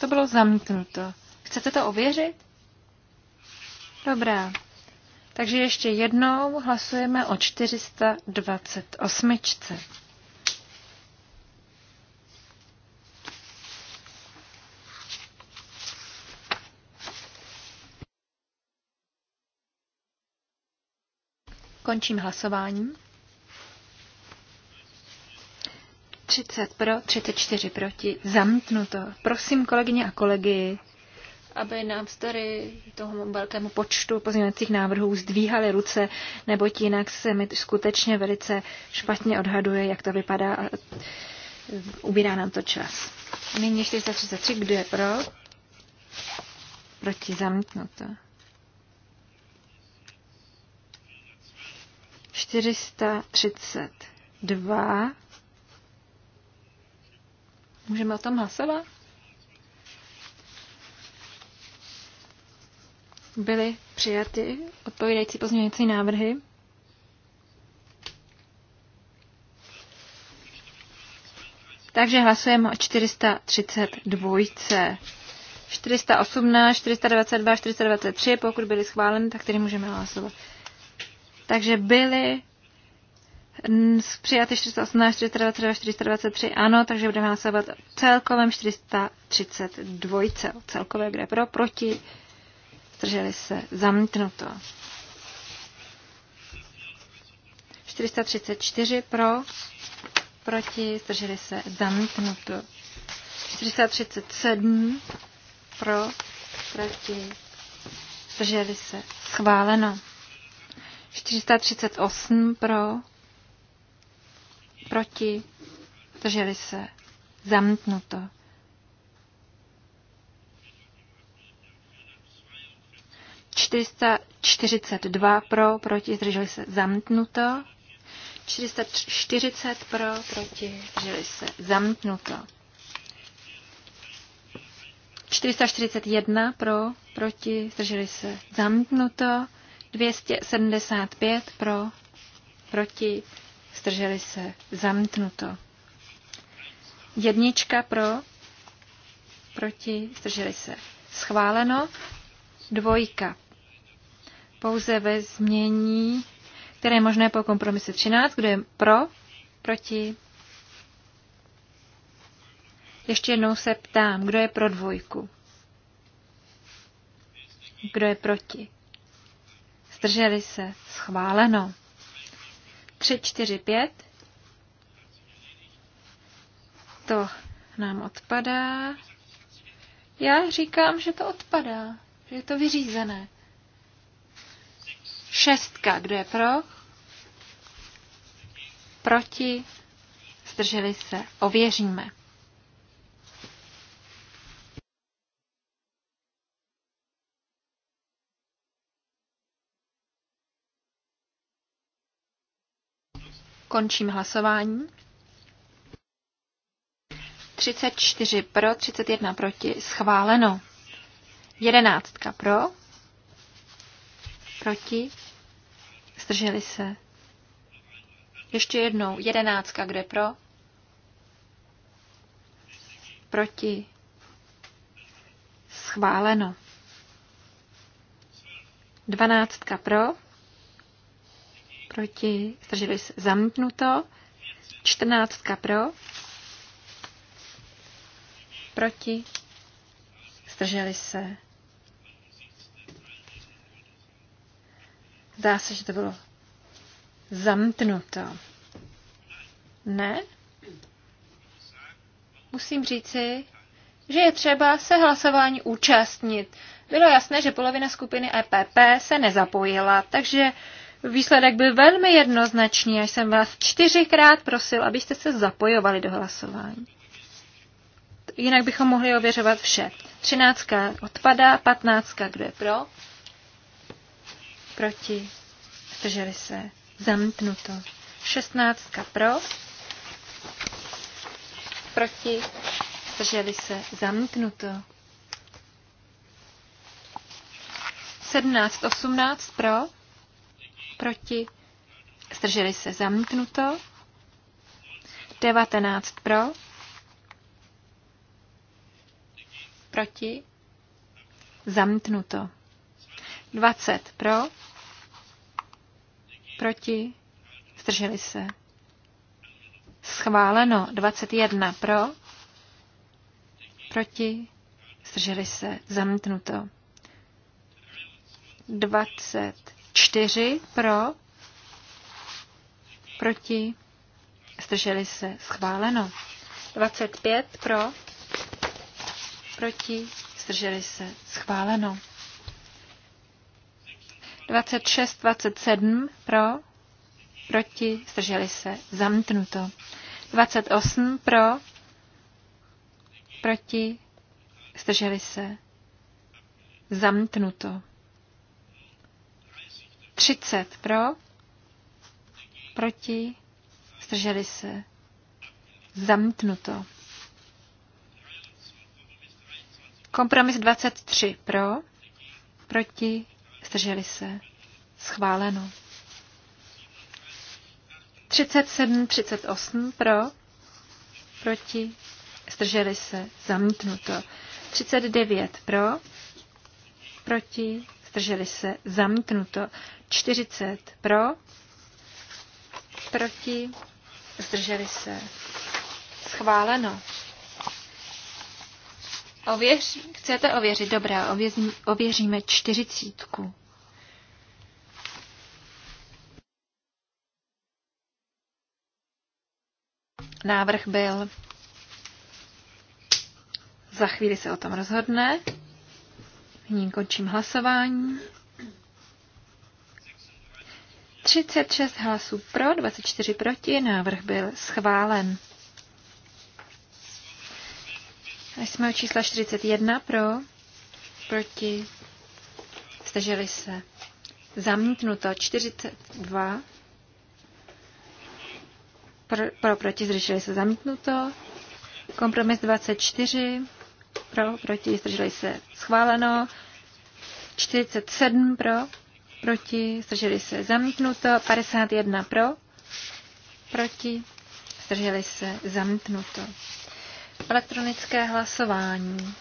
To bylo zamítnuto. Chcete to ověřit? Dobrá. Takže ještě jednou hlasujeme o 428. Končím hlasování. 30 pro, 34 proti. Zamítnuto. Prosím kolegyně a kolegy, aby navzdory toho velkému počtu pozměňovacích návrhů zdvíhaly ruce, neboť jinak se mi skutečně velice špatně odhaduje, jak to vypadá a ubírá nám to čas. Nyní 433, kdo je pro? Proti zamítnuto. 432. Můžeme o tom hlasovat? Byly přijaty odpovídající pozměňující návrhy. Takže hlasujeme o 432. 418, 422, 423, pokud byly schváleny, tak tedy můžeme hlasovat. Takže byly přijaty 418, 422, 423, ano, takže budeme hlasovat celkovém 432, celkové, kde pro, proti, zdrželi se, zamítnuto. 434 pro, proti, zdrželi se, zamítnuto. 437 pro, proti, zdrželi se, schváleno. 438 pro, proti, drželi se, zamknuto. Čtyřista 442 pro, proti, zdrželi se, zamknuto. 440 pro, proti, zdrželi se, zamknuto. 441 pro, proti, zdrželi se, zamknuto. 275 pro, proti, zdrželi se, zamítnuto. Jednička pro, proti, zdrželi se, schváleno. Dvojka. Pouze ve změní, které je možné po kompromisu 13, kdo je pro, proti. Ještě jednou se ptám, kdo je pro dvojku? Kdo je proti? zdrželi se, schváleno. 3, 4, 5, to nám odpadá. Já říkám, že to odpadá, že je to vyřízené. Šestka, kdo je pro? Proti, zdrželi se, ověříme. Končím hlasování. 34 pro, 31 proti. Schváleno. 11 pro, proti, zdrželi se. Ještě jednou, 11 kde pro? Proti. Schváleno. 12 pro proti, zdrželi se zamknuto. 14 pro, proti, zdrželi se. Zdá se, že to bylo zamknuto. Ne? Musím říci, že je třeba se hlasování účastnit. Bylo jasné, že polovina skupiny EPP se nezapojila, takže výsledek byl velmi jednoznačný. Já jsem vás čtyřikrát prosil, abyste se zapojovali do hlasování. Jinak bychom mohli ověřovat vše. Třináctka odpadá, patnáctka kdo je pro? Proti. Zdrželi se. Zamítnuto. Šestnáctka pro. Proti. Zdrželi se. Zamítnuto. Sedmnáct osmnáct pro proti, zdrželi se zamítnuto, 19 pro, proti, zamítnuto, 20 pro, proti, zdrželi se. Schváleno 21 pro, proti, zdrželi se, zamítnuto. 20 čtyři pro, proti, zdrželi se, schváleno. 25 pro, proti, zdrželi se, schváleno. 26, 27 pro, proti, zdrželi se, zamknuto. 28 pro, proti, zdrželi se, zamknuto. 30 pro, proti, zdrželi se, zamítnuto. Kompromis 23 pro, proti, zdrželi se, schváleno. 37, 38 pro, proti, zdrželi se, zamítnuto. 39 pro, proti, zdrželi se, zamítnuto. 40 pro, proti, zdrželi se, schváleno. Ověř, chcete ověřit? Dobrá, ověří, ověříme čtyřicítku. Návrh byl. Za chvíli se o tom rozhodne. Nyní končím hlasování. 36 hlasů pro, 24 proti, návrh byl schválen. A jsme u čísla 41 pro, proti, zdrželi se. Zamítnuto 42, pro, pro proti, zdrželi se zamítnuto. Kompromis 24 pro, proti, zdrželi se schváleno, 47 pro, proti, zdrželi se zamítnuto, 51 pro, proti, zdrželi se zamítnuto. Elektronické hlasování.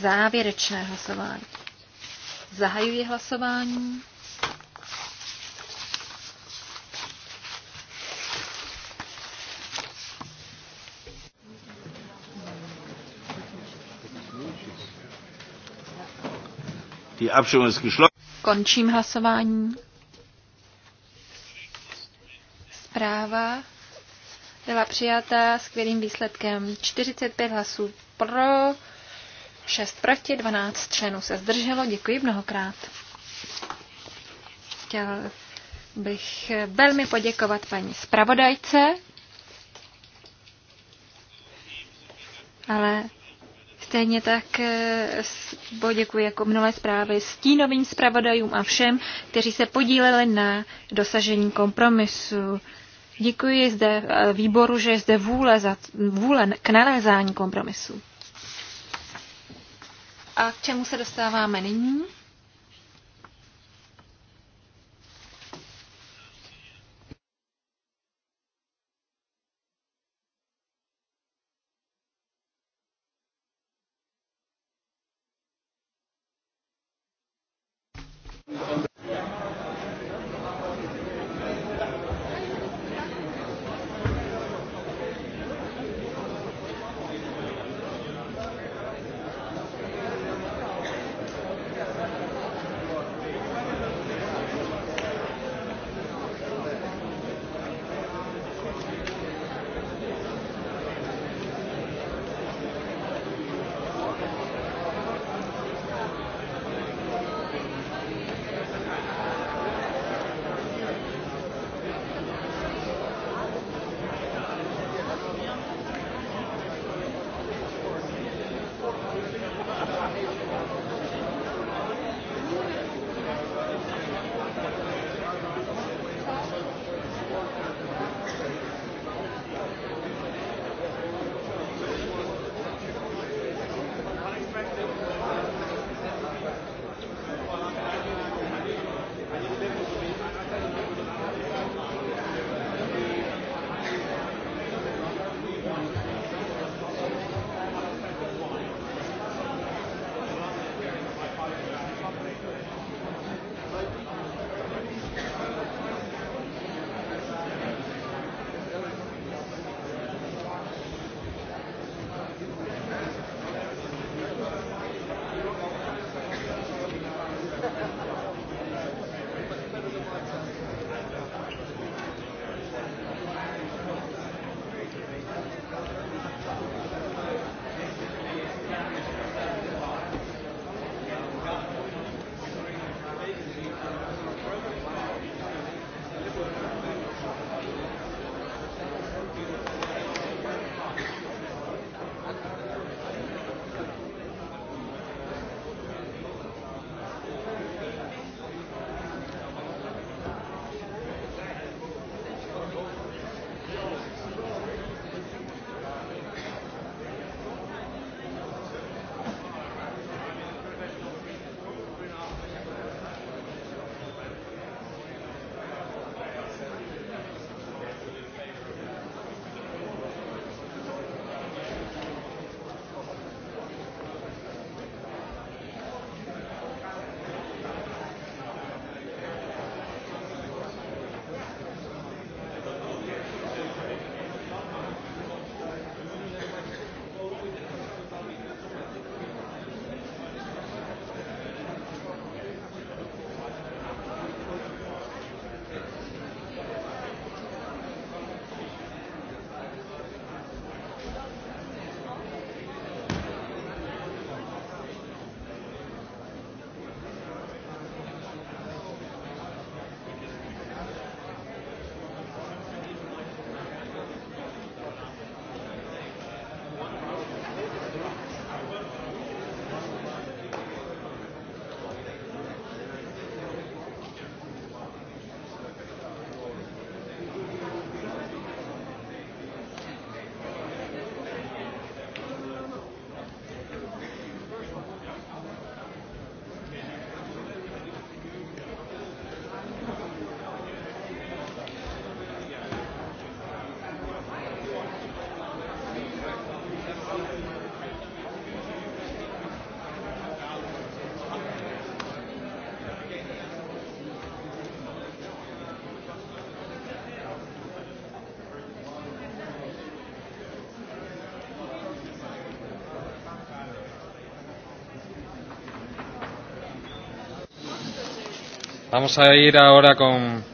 Závěrečné hlasování. Zahajuji hlasování. Die Abstimmung ist geschlossen. Končím hlasování. Zpráva byla přijata skvělým výsledkem 45 hlasů pro, 6 proti, 12 členů se zdrželo. Děkuji mnohokrát. Chtěl bych velmi poděkovat paní zpravodajce, ale Stejně tak eh, poděkuji jako minulé zprávy stínovým zpravodajům a všem, kteří se podíleli na dosažení kompromisu. Děkuji zde eh, výboru, že je zde vůle, za, vůle k nalézání kompromisu. A k čemu se dostáváme nyní? Vamos a ir ahora con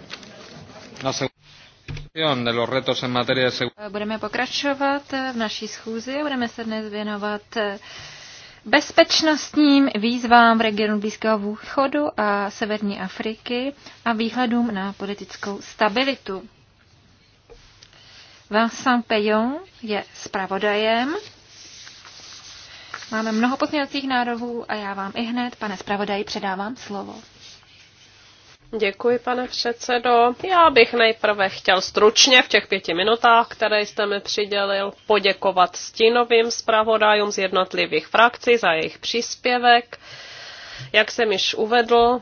la segunda de los retos en materia de seguridad. Eh, budeme pokračovat eh, v naší schůzi a budeme se dnes věnovat eh, bezpečnostním výzvám v regionu Blízkého východu a Severní Afriky a výhledům na politickou stabilitu. Vincent Peyon je zpravodajem. Máme mnoho pozměňovacích návrhů a já vám i hned, pane zpravodaji, předávám slovo. Děkuji, pane předsedo. Já bych nejprve chtěl stručně v těch pěti minutách, které jste mi přidělil, poděkovat stínovým zpravodajům z jednotlivých frakcí za jejich příspěvek. Jak jsem již uvedl,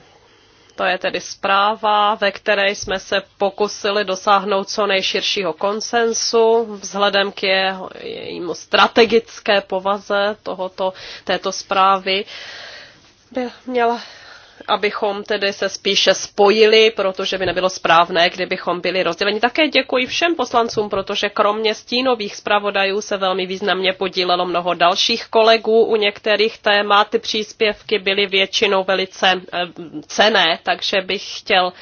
to je tedy zpráva, ve které jsme se pokusili dosáhnout co nejširšího konsensu vzhledem k jeho, jejímu strategické povaze tohoto, této zprávy. měla abychom tedy se spíše spojili, protože by nebylo správné, kdybychom byli rozděleni. Také děkuji všem poslancům, protože kromě stínových zpravodajů se velmi významně podílelo mnoho dalších kolegů. U některých témat ty příspěvky byly většinou velice eh, cené, takže bych chtěl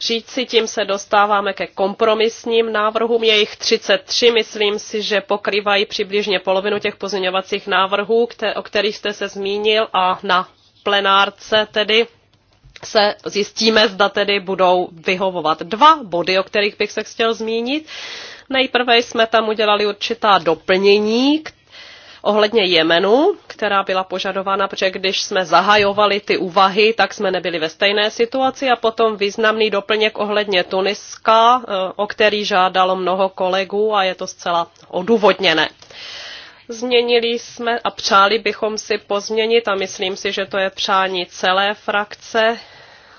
si tím se dostáváme ke kompromisním návrhům. Je jich 33, myslím si, že pokrývají přibližně polovinu těch pozměňovacích návrhů, o kterých jste se zmínil a na plenárce tedy se zjistíme, zda tedy budou vyhovovat dva body, o kterých bych se chtěl zmínit. Nejprve jsme tam udělali určitá doplnění ohledně Jemenu, která byla požadována, protože když jsme zahajovali ty úvahy, tak jsme nebyli ve stejné situaci a potom významný doplněk ohledně Tuniska, eh, o který žádalo mnoho kolegů a je to zcela odůvodněné. Změnili jsme a přáli bychom si pozměnit, a myslím si, že to je přání celé frakce,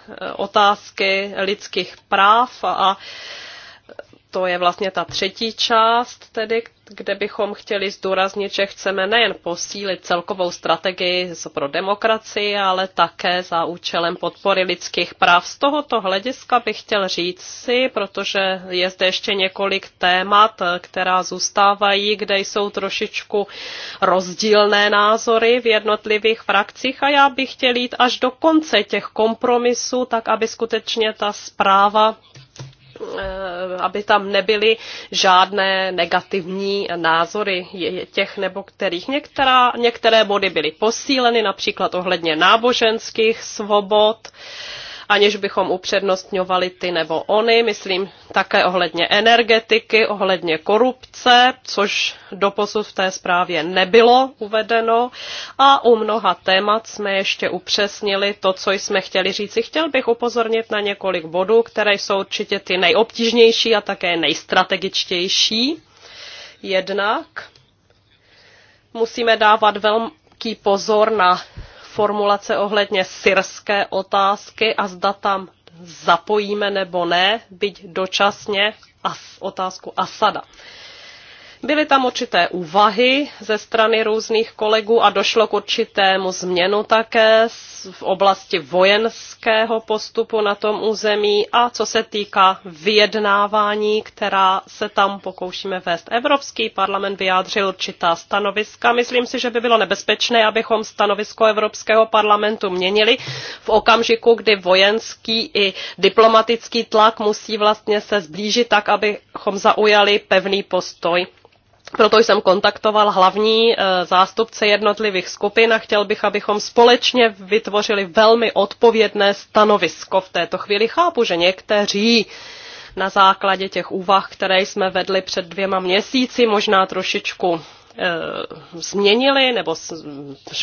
eh, otázky lidských práv a to je vlastně ta třetí část, tedy, kde bychom chtěli zdůraznit, že chceme nejen posílit celkovou strategii pro demokracii, ale také za účelem podpory lidských práv. Z tohoto hlediska bych chtěl říct si, protože je zde ještě několik témat, která zůstávají, kde jsou trošičku rozdílné názory v jednotlivých frakcích a já bych chtěl jít až do konce těch kompromisů, tak aby skutečně ta zpráva Eh, aby tam nebyly žádné negativní názory těch nebo kterých. Některá, některé body byly posíleny, například ohledně náboženských svobod, aniž bychom upřednostňovali ty nebo ony. Myslím také ohledně energetiky, ohledně korupce, což doposud v té zprávě nebylo uvedeno. A u mnoha témat jsme ještě upřesnili to, co jsme chtěli říci. Chtěl bych upozornit na několik bodů, které jsou určitě ty nejobtížnější a také nejstrategičtější. Jednak musíme dávat velký pozor na formulace ohledně syrské otázky a zda tam zapojíme nebo ne, byť dočasně, as, otázku Asada. Byly tam určité úvahy ze strany různých kolegů a došlo k určitému změnu také v oblasti vojenského postupu na tom území a co se týká vyjednávání, která se tam pokoušíme vést. Evropský parlament vyjádřil určitá stanoviska. Myslím si, že by bylo nebezpečné, abychom stanovisko Evropského parlamentu měnili v okamžiku, kdy vojenský i diplomatický tlak musí vlastně se zblížit tak, abychom zaujali pevný postoj proto jsem kontaktoval hlavní eh, zástupce jednotlivých skupin a chtěl bych, abychom společně vytvořili velmi odpovědné stanovisko. V této chvíli chápu, že někteří na základě těch úvah, které jsme vedli před dvěma měsíci, možná trošičku Eh, změnili nebo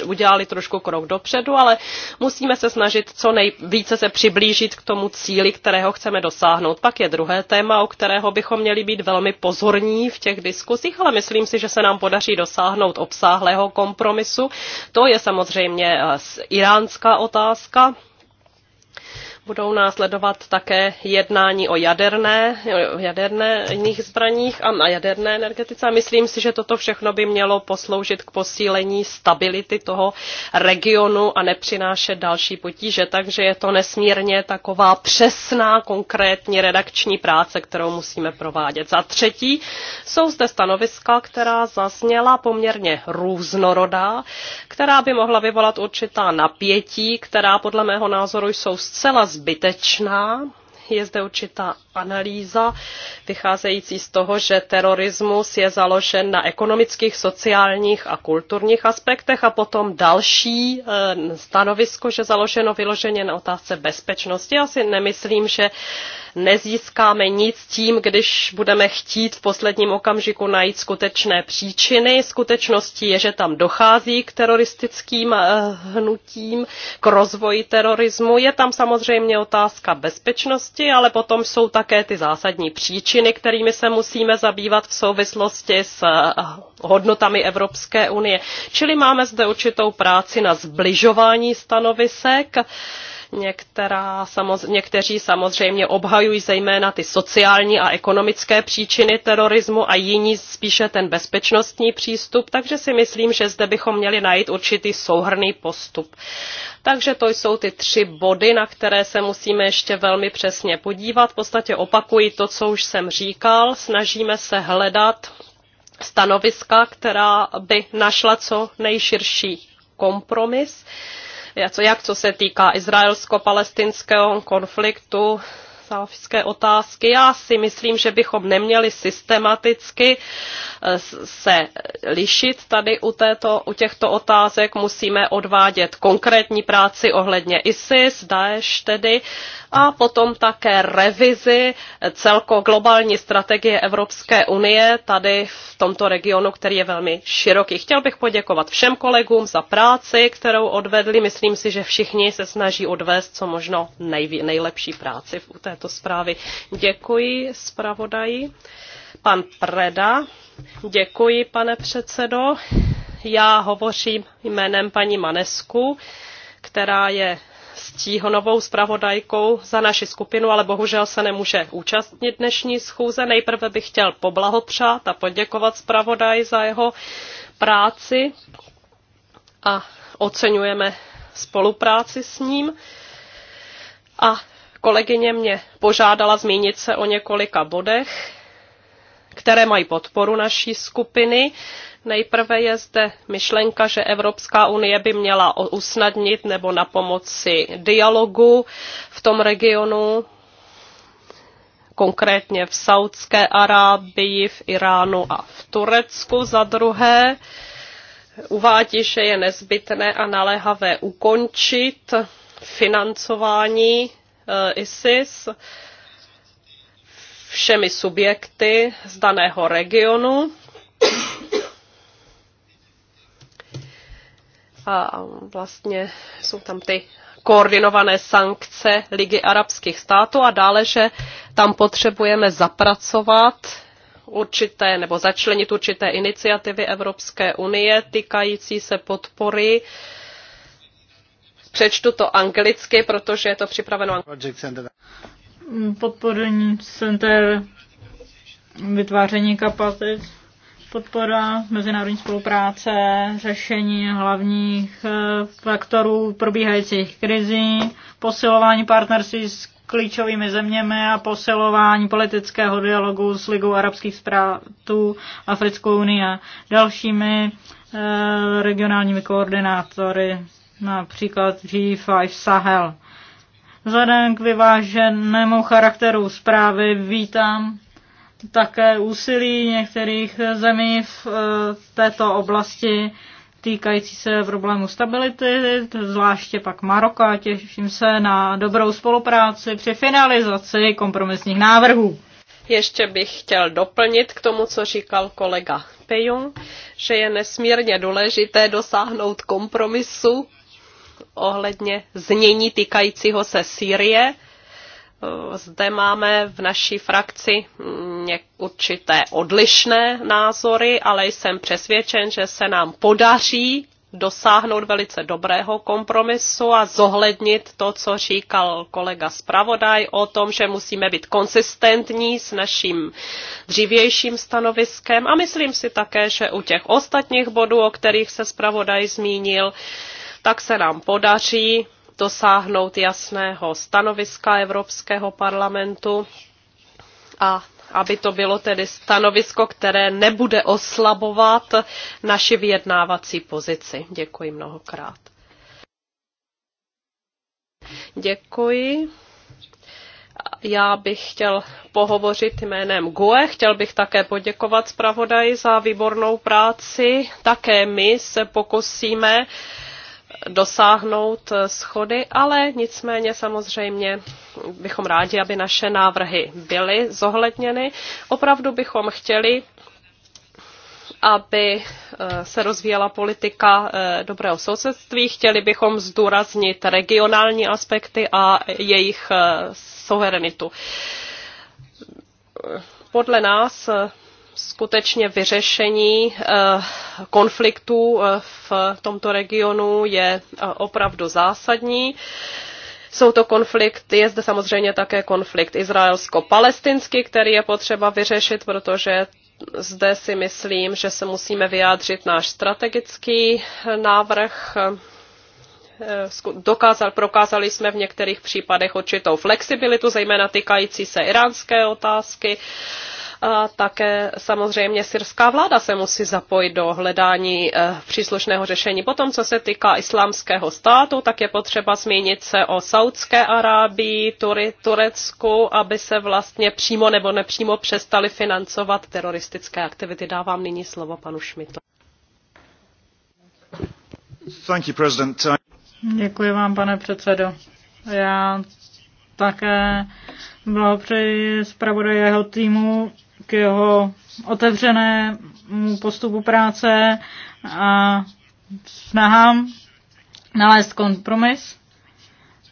udělali trošku krok dopředu, ale musíme se snažit co nejvíce se přiblížit k tomu cíli, kterého chceme dosáhnout. Pak je druhé téma, o kterého bychom měli být velmi pozorní v těch diskusích, ale myslím si, že se nám podaří dosáhnout obsáhlého kompromisu. To je samozřejmě eh, iránská otázka Budou následovat také jednání o jaderné, o jaderné jiných zbraních a na jaderné energetice. A myslím si, že toto všechno by mělo posloužit k posílení stability toho regionu a nepřinášet další potíže. Takže je to nesmírně taková přesná, konkrétní redakční práce, kterou musíme provádět. Za třetí jsou zde stanoviska, která zazněla poměrně různorodá, která by mohla vyvolat určitá napětí, která podle mého názoru jsou zcela zbytečná. Je zde určitá analýza vycházející z toho, že terorismus je založen na ekonomických, sociálních a kulturních aspektech a potom další eh, stanovisko, že založeno vyloženě na otázce bezpečnosti. Já si nemyslím, že nezískáme nic tím, když budeme chtít v posledním okamžiku najít skutečné příčiny. Skutečností je, že tam dochází k teroristickým eh, hnutím, k rozvoji terorismu. Je tam samozřejmě otázka bezpečnosti, ale potom jsou tak také ty zásadní příčiny, kterými se musíme zabývat v souvislosti s eh, hodnotami Evropské unie. Čili máme zde určitou práci na zbližování stanovisek. Uh, Některá, samoz, někteří samozřejmě obhajují zejména ty sociální a ekonomické příčiny terorismu a jiní spíše ten bezpečnostní přístup, takže si myslím, že zde bychom měli najít určitý souhrný postup. Takže to jsou ty tři body, na které se musíme ještě velmi přesně podívat. V podstatě opakuji to, co už jsem říkal. Snažíme se hledat stanoviska, která by našla co nejširší kompromis jak co se týká izraelsko-palestinského konfliktu, salafské otázky. Já si myslím, že bychom neměli systematicky eh, se lišit tady u, této, u těchto otázek. Musíme odvádět konkrétní práci ohledně ISIS, Daesh tedy, a potom také revizi eh, celko globální strategie Evropské unie tady v tomto regionu, který je velmi široký. Chtěl bych poděkovat všem kolegům za práci, kterou odvedli. Myslím si, že všichni se snaží odvést co možno nejlepší práci v této této zprávy. Děkuji zpravodaji. Pan Preda, děkuji pane předsedo. Já hovořím jménem paní Manesku, která je stíhonovou zpravodajkou za naši skupinu, ale bohužel se nemůže účastnit dnešní schůze. Nejprve bych chtěl poblahopřát a poděkovat zpravodaj za jeho práci a oceňujeme spolupráci s ním. A Kolegyně mě požádala zmínit se o několika bodech, které mají podporu naší skupiny. Nejprve je zde myšlenka, že Evropská unie by měla usnadnit nebo na pomoci dialogu v tom regionu, konkrétně v Saudské Arábii, v Iránu a v Turecku za druhé. Uvádí, že je nezbytné a naléhavé ukončit financování Eh, ISIS všemi subjekty z daného regionu. A vlastně jsou tam ty koordinované sankce Ligy arabských států a dále, že tam potřebujeme zapracovat určité nebo začlenit určité iniciativy Evropské unie týkající se podpory uh, přečtu to anglicky, protože je to připraveno Podporní center vytváření kapacit, podpora mezinárodní spolupráce, řešení hlavních eh, faktorů probíhajících krizí, posilování partnerství s klíčovými zeměmi a posilování politického dialogu s Ligou arabských států Africkou unii a dalšími eh, regionálními koordinátory například G5 Sahel. Vzhledem k vyváženému charakteru zprávy vítám také úsilí některých zemí v eh, této oblasti týkající se problému stability, zvláště pak Maroka. Těším se na dobrou spolupráci při finalizaci kompromisních návrhů. Ještě bych chtěl doplnit k tomu, co říkal kolega Pejung, že je nesmírně důležité dosáhnout kompromisu ohledně znění týkajícího se Sýrie. Zde máme v naší frakci mm, určité odlišné názory, ale jsem přesvědčen, že se nám podaří dosáhnout velice dobrého kompromisu a zohlednit to, co říkal kolega zpravodaj o tom, že musíme být konsistentní s naším dřívějším stanoviskem a myslím si také, že u těch ostatních bodů, o kterých se zpravodaj zmínil, tak se nám podaří dosáhnout jasného stanoviska Evropského parlamentu a aby to bylo tedy stanovisko, které nebude oslabovat naši vyjednávací pozici. Děkuji mnohokrát. Děkuji. Já bych chtěl pohovořit jménem GUE. Chtěl bych také poděkovat zpravodaji za výbornou práci. Také my se pokusíme uh, dosáhnout eh, schody, ale nicméně samozřejmě bychom rádi, aby naše návrhy byly zohledněny. Opravdu bychom chtěli, aby eh, se rozvíjela politika eh, dobrého sousedství. Chtěli bychom zdůraznit regionální aspekty a jejich suverenitu. Podle nás skutečně vyřešení eh, konfliktů eh, v tomto regionu je eh, opravdu zásadní. Jsou to konflikt, je zde samozřejmě také konflikt izraelsko-palestinský, který je potřeba vyřešit, protože zde si myslím, že se musíme vyjádřit náš strategický návrh Eh, dokázal, prokázali jsme v některých případech určitou flexibilitu, zejména týkající se iránské otázky. A také samozřejmě syrská vláda se musí zapojit do hledání eh, příslušného řešení. Potom, co se týká islámského státu, tak je potřeba zmínit se o Saudské Arábii, Tury, Turecku, aby se vlastně přímo nebo nepřímo přestali financovat teroristické aktivity. Dávám nyní slovo panu Šmitu. Thank you, President. Děkuji vám, pane předsedo. Já také blahopřeji zpravodaj jeho týmu k jeho otevřenému postupu práce a snahám nalézt kompromis.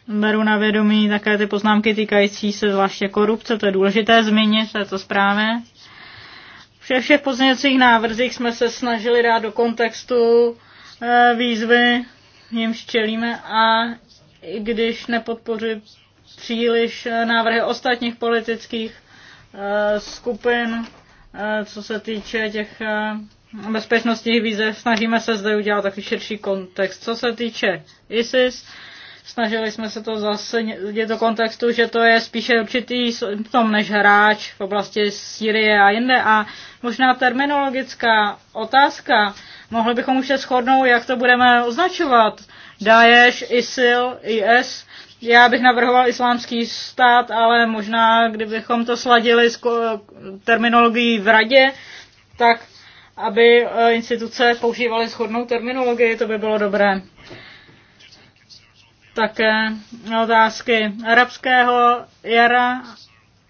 Beru na vědomí také ty poznámky týkající se zvláště korupce, to je důležité zmínit je to zprávě. Vše všech pozměňovacích návrzích jsme se snažili dát do kontextu eh, výzvy němž čelíme a i když nepodpoří příliš návrhy ostatních politických eh, skupin, eh, co se týče těch eh, bezpečnostních výzev, snažíme se zde udělat takový širší kontext. Co se týče ISIS, Snažili jsme se to zasadit do kontextu, že to je spíše určitý symptom než hráč v oblasti Sýrie a jinde. A možná terminologická otázka, mohli bychom už se shodnout, jak to budeme označovat. Daesh, ISIL, IS, já bych navrhoval islámský stát, ale možná kdybychom to sladili s terminologií v radě, tak aby eh, instituce používaly shodnou terminologii, to by bylo dobré také otázky arabského jara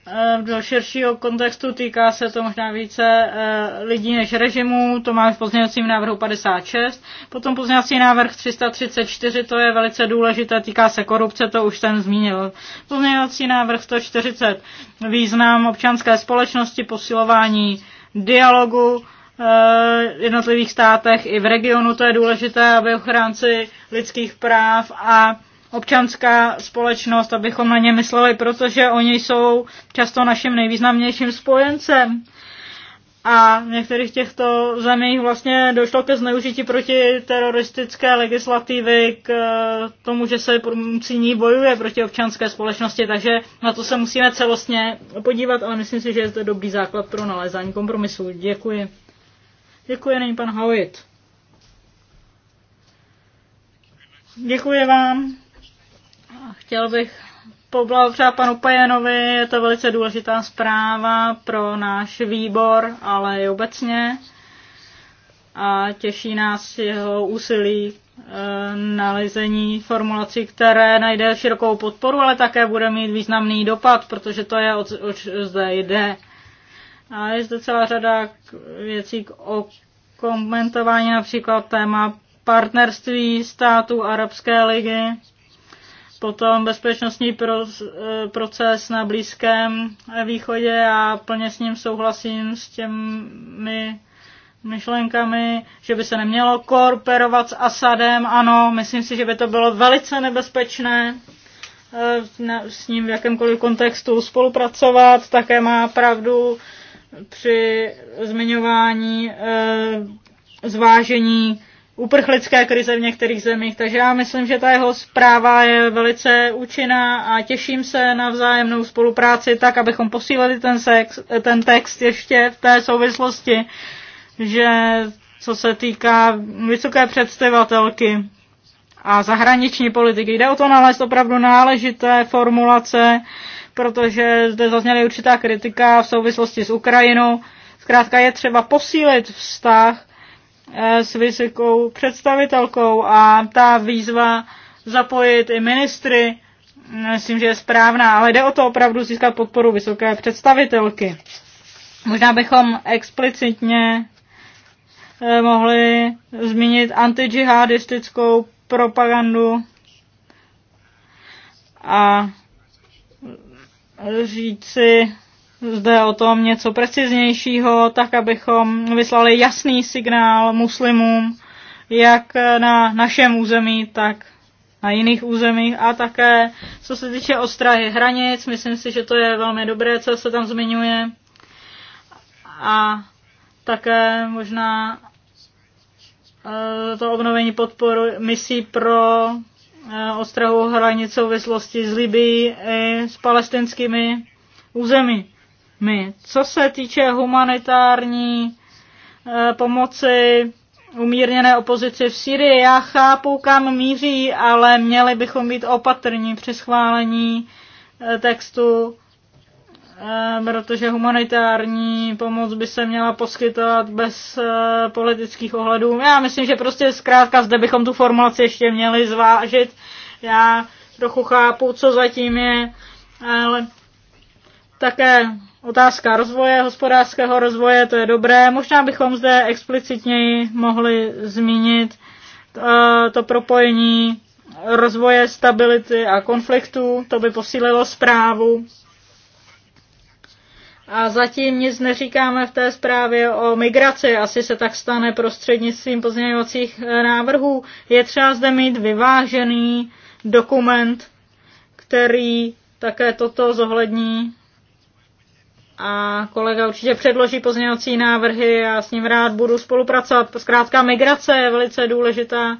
eh, do širšího kontextu. Týká se to možná více eh, lidí než režimů. To máme v pozměňovacím návrhu 56. Potom pozměňovací návrh 334, to je velice důležité. Týká se korupce, to už jsem zmínil. Pozměňovací návrh 140, význam občanské společnosti, posilování dialogu eh, jednotlivých státech i v regionu. To je důležité, aby ochránci lidských práv a občanská společnost, abychom na ně mysleli, protože oni jsou často naším nejvýznamnějším spojencem. A v některých těchto zemích vlastně došlo ke zneužití proti teroristické legislativy, k eh, tomu, že se proti ní bojuje proti občanské společnosti, takže na to se musíme celostně podívat, ale myslím si, že je to dobrý základ pro nalezání kompromisu. Děkuji. Děkuji, není pan Howitt. Děkuji vám chtěl bych poblahopřát panu Pajenovi, je to velice důležitá zpráva pro náš výbor, ale i obecně. A těší nás jeho úsilí eh, nalezení formulací, které najde širokou podporu, ale také bude mít významný dopad, protože to je, od zde jde. A je zde celá řada věcí o komentování, například téma partnerství států Arabské ligy potom bezpečnostní eh, proces na Blízkém východě a plně s ním souhlasím s těmi myšlenkami, že by se nemělo korporovat s Asadem. Ano, myslím si, že by to bylo velice nebezpečné eh, s ním v jakémkoliv kontextu spolupracovat. Také má pravdu při zmiňování eh, zvážení uprchlické krize v některých zemích, takže já myslím, že ta jeho zpráva je velice účinná a těším se na vzájemnou spolupráci tak, abychom posílali ten, sex, ten text ještě v té souvislosti, že co se týká vysoké představitelky a zahraniční politiky. Jde o to nalézt opravdu náležité formulace, protože zde zazněly určitá kritika v souvislosti s Ukrajinou. Zkrátka je třeba posílit vztah Eh, s vysokou představitelkou a ta výzva zapojit i ministry, eh, myslím, že je správná, ale jde o to opravdu získat podporu vysoké představitelky. Možná bychom explicitně eh, mohli zmínit antidžihadistickou propagandu a říci, zde o tom něco preciznějšího, tak abychom vyslali jasný signál muslimům, jak na našem území, tak na jiných územích a také co se týče ostrahy hranic, myslím si, že to je velmi dobré, co se tam zmiňuje. A také možná eh, to obnovení podporu misí pro eh, ostrahu hranic souvislosti s Libií i s palestinskými území my. Co se týče humanitární eh, pomoci umírněné opozici v Syrii, já chápu, kam míří, ale měli bychom být opatrní při schválení eh, textu, eh, protože humanitární pomoc by se měla poskytovat bez politických ohledů. Já myslím, že prostě zkrátka zde bychom tu formulaci ještě měli zvážit. Já trochu chápu, co zatím je, ale také Otázka rozvoje, hospodářského rozvoje, to je dobré. Možná bychom zde explicitněji mohli zmínit eh, to propojení rozvoje, stability a konfliktu, To by posílilo zprávu. A zatím nic neříkáme v té zprávě o migraci. Asi se tak stane prostřednictvím pozměňovacích eh, návrhů. Je třeba zde mít vyvážený dokument, který také toto zohlední a kolega určitě předloží pozměňovací návrhy, a s ním rád budu spolupracovat. Zkrátka migrace je velice důležitá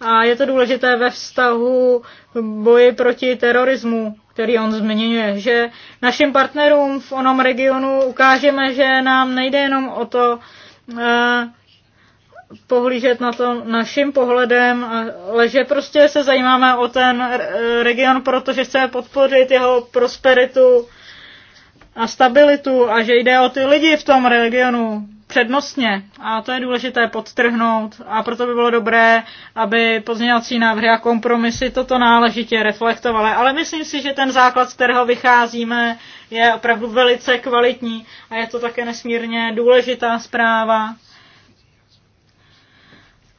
a je to důležité ve vztahu boji proti terorismu, který on zmiňuje, že našim partnerům v onom regionu ukážeme, že nám nejde jenom o to eh, pohlížet na to naším pohledem, ale že prostě se zajímáme o ten region, protože chceme podpořit jeho prosperitu, a stabilitu a že jde o ty lidi v tom regionu přednostně. A to je důležité podtrhnout a proto by bylo dobré, aby pozměňovací návrhy a kompromisy toto náležitě reflektovaly. Ale myslím si, že ten základ, z kterého vycházíme, je opravdu velice kvalitní a je to také nesmírně důležitá zpráva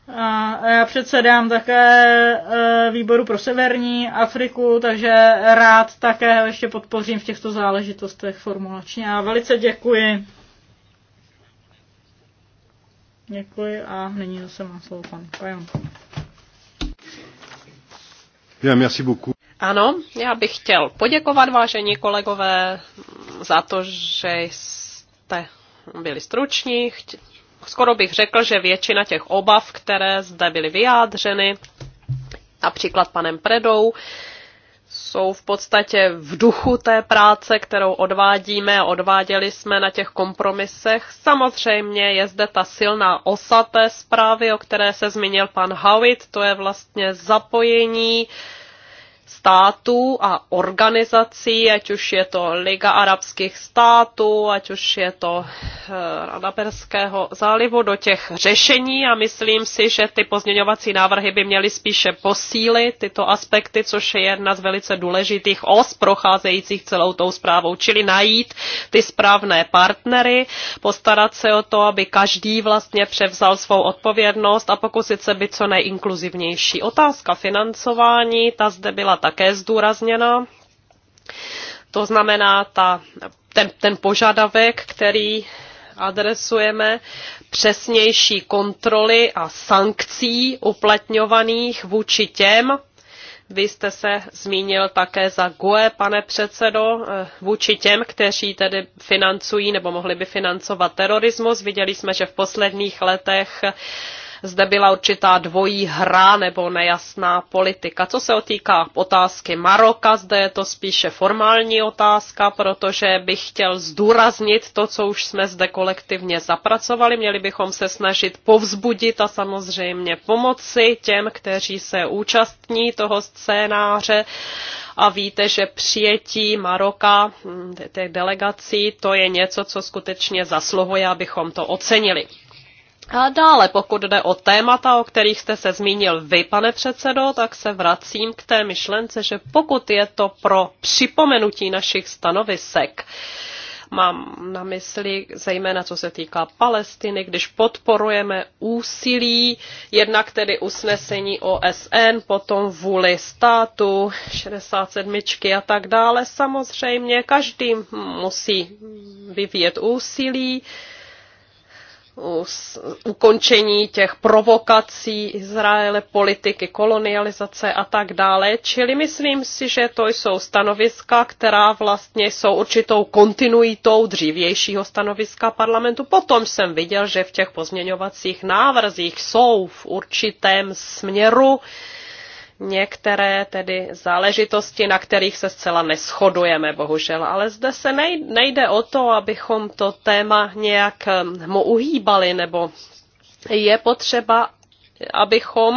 a já předsedám také e, výboru pro severní Afriku, takže rád také ještě podpořím v těchto záležitostech formulačně. A velice děkuji. Děkuji a nyní zase mám slovo pan Kajon. Ano, já bych chtěl poděkovat, vážení kolegové, za to, že jste byli struční skoro bych řekl, že většina těch obav, které zde byly vyjádřeny, například panem Predou, jsou v podstatě v duchu té práce, kterou odvádíme a odváděli jsme na těch kompromisech. Samozřejmě je zde ta silná osa té zprávy, o které se zmínil pan Howitt, to je vlastně zapojení uh, států a organizací, ať už je to Liga arabských států, ať už je to eh, Rada Perského zálivu, do těch řešení a myslím si, že ty pozměňovací návrhy by měly spíše posílit tyto aspekty, což je jedna z velice důležitých os procházejících celou tou zprávou, čili najít ty správné partnery, postarat se o to, aby každý vlastně převzal svou odpovědnost a pokusit se být co nejinkluzivnější. Otázka financování, ta zde byla byla také zdůrazněna. To znamená ta, ten, ten požadavek, který adresujeme, přesnější kontroly a sankcí uplatňovaných vůči těm, vy jste se zmínil také za GUE, pane předsedo, eh, vůči těm, kteří tedy financují nebo mohli by financovat terorismus. Viděli jsme, že v posledních letech zde byla určitá dvojí hra nebo nejasná politika. Co se otýká otázky Maroka, zde je to spíše formální otázka, protože bych chtěl zdůraznit to, co už jsme zde kolektivně zapracovali. Měli bychom se snažit povzbudit a samozřejmě pomoci těm, kteří se účastní toho scénáře a víte, že přijetí Maroka, hm, těch delegací, to je něco, co skutečně zasluhuje, abychom to ocenili. A dále, pokud jde o témata, o kterých jste se zmínil vy, pane předsedo, tak se vracím k té myšlence, že pokud je to pro připomenutí našich stanovisek, mám na mysli zejména co se týká Palestiny, když podporujeme úsilí, jednak tedy usnesení OSN, potom vůli státu, 67 a tak dále. Samozřejmě každý musí vyvíjet úsilí ukončení těch provokací Izraele, politiky, kolonializace a tak dále. Čili myslím si, že to jsou stanoviska, která vlastně jsou určitou kontinuitou dřívějšího stanoviska parlamentu. Potom jsem viděl, že v těch pozměňovacích návrzích jsou v určitém směru některé tedy záležitosti, na kterých se zcela neschodujeme, bohužel. Ale zde se nejde o to, abychom to téma nějak ehm, mu uhýbali, nebo je potřeba abychom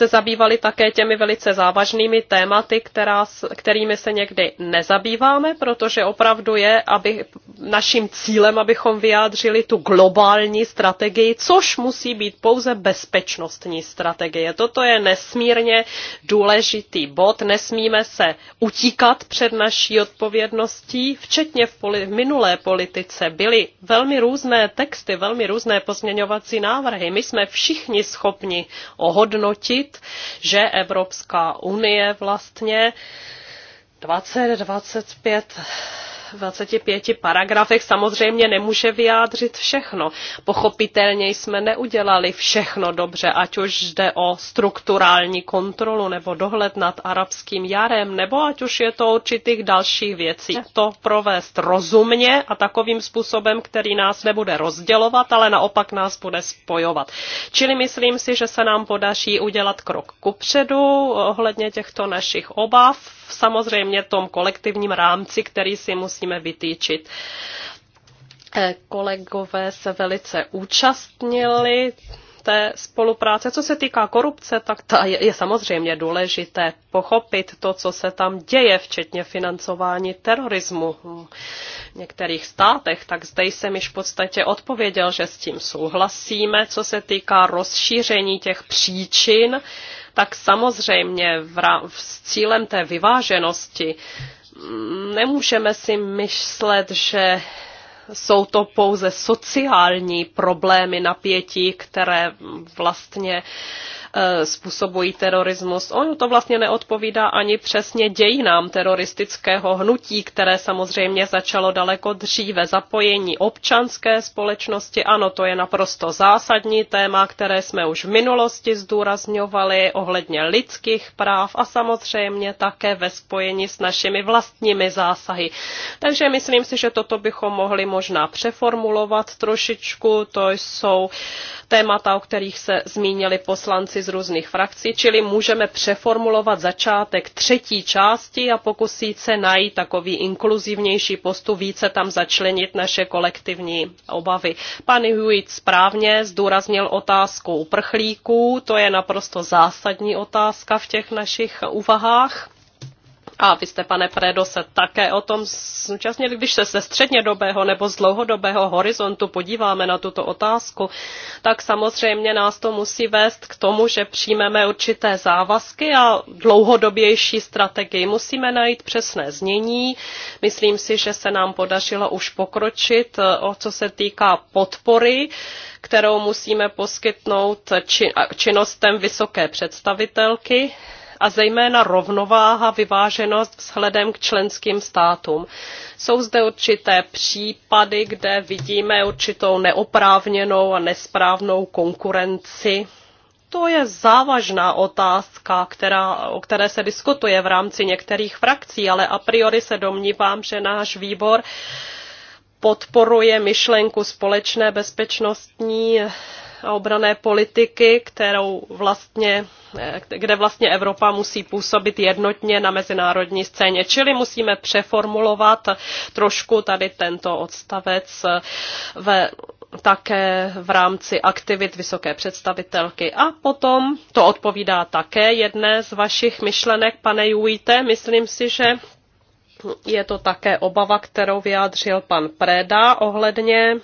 se zabývali také těmi velice závažnými tématy, která, kterými se někdy nezabýváme, protože opravdu je aby naším cílem, abychom vyjádřili tu globální strategii, což musí být pouze bezpečnostní strategie. Toto je nesmírně důležitý bod. Nesmíme se utíkat před naší odpovědností, včetně v, poli- v minulé politice. Byly velmi různé texty, velmi různé pozměňovací návrhy. My jsme všichni schopni ohodnotit, tvrdit, že Evropská unie vlastně 20-25 25 paragrafech samozřejmě nemůže vyjádřit všechno. Pochopitelně jsme neudělali všechno dobře, ať už jde o strukturální kontrolu nebo dohled nad arabským jarem, nebo ať už je to určitých dalších věcí. To provést rozumně a takovým způsobem, který nás nebude rozdělovat, ale naopak nás bude spojovat. Čili myslím si, že se nám podaří udělat krok kupředu ohledně těchto našich obav, samozřejmě tom kolektivním rámci, který si musí musíme vytýčit eh, kolegové se velice účastnili té spolupráce. Co se týká korupce, tak ta je, je samozřejmě důležité pochopit to, co se tam děje, včetně financování terorismu v některých státech. Tak zde jsem již v podstatě odpověděl, že s tím souhlasíme. Co se týká rozšíření těch příčin, tak samozřejmě v, v, s cílem té vyváženosti nemůžeme si myslet, že jsou to pouze sociální problémy, napětí, které vlastně eh, způsobují terorismus. Ono to vlastně neodpovídá ani přesně dějinám teroristického hnutí, které samozřejmě začalo daleko dříve. Zapojení občanské společnosti, ano, to je naprosto zásadní téma, které jsme už v minulosti zdůrazňovali ohledně lidských práv a samozřejmě také ve spojení s našimi vlastními zásahy. Takže myslím si, že toto bychom mohli možná přeformulovat trošičku. To jsou témata, o kterých se zmínili poslanci z různých frakcí, čili můžeme přeformulovat začátek třetí části a pokusit se najít takový inkluzivnější postup, více tam začlenit naše kolektivní obavy. Pan Hewitt správně zdůraznil otázku uprchlíků, to je naprosto zásadní otázka v těch našich uvahách a vy jste, pane Predo, se také o tom současně, když se ze střednědobého nebo z dlouhodobého horizontu podíváme na tuto otázku, tak samozřejmě nás to musí vést k tomu, že přijmeme určité závazky a dlouhodobější strategii. Musíme najít přesné znění. Myslím si, že se nám podařilo už pokročit, eh, o co se týká podpory, kterou musíme poskytnout činnostem vysoké představitelky a zejména rovnováha, vyváženost vzhledem k členským státům. Jsou zde určité případy, kde vidíme určitou neoprávněnou a nesprávnou konkurenci to je závažná otázka, která, o které se diskutuje v rámci některých frakcí, ale a priori se domnívám, že náš výbor podporuje myšlenku společné bezpečnostní a obrané politiky, kterou vlastně, eh, kde vlastně Evropa musí působit jednotně na mezinárodní scéně. Čili musíme přeformulovat trošku tady tento odstavec eh, ve také v rámci aktivit vysoké představitelky. A potom to odpovídá také jedné z vašich myšlenek, pane Juíte. Myslím si, že je to také obava, kterou vyjádřil pan Preda ohledně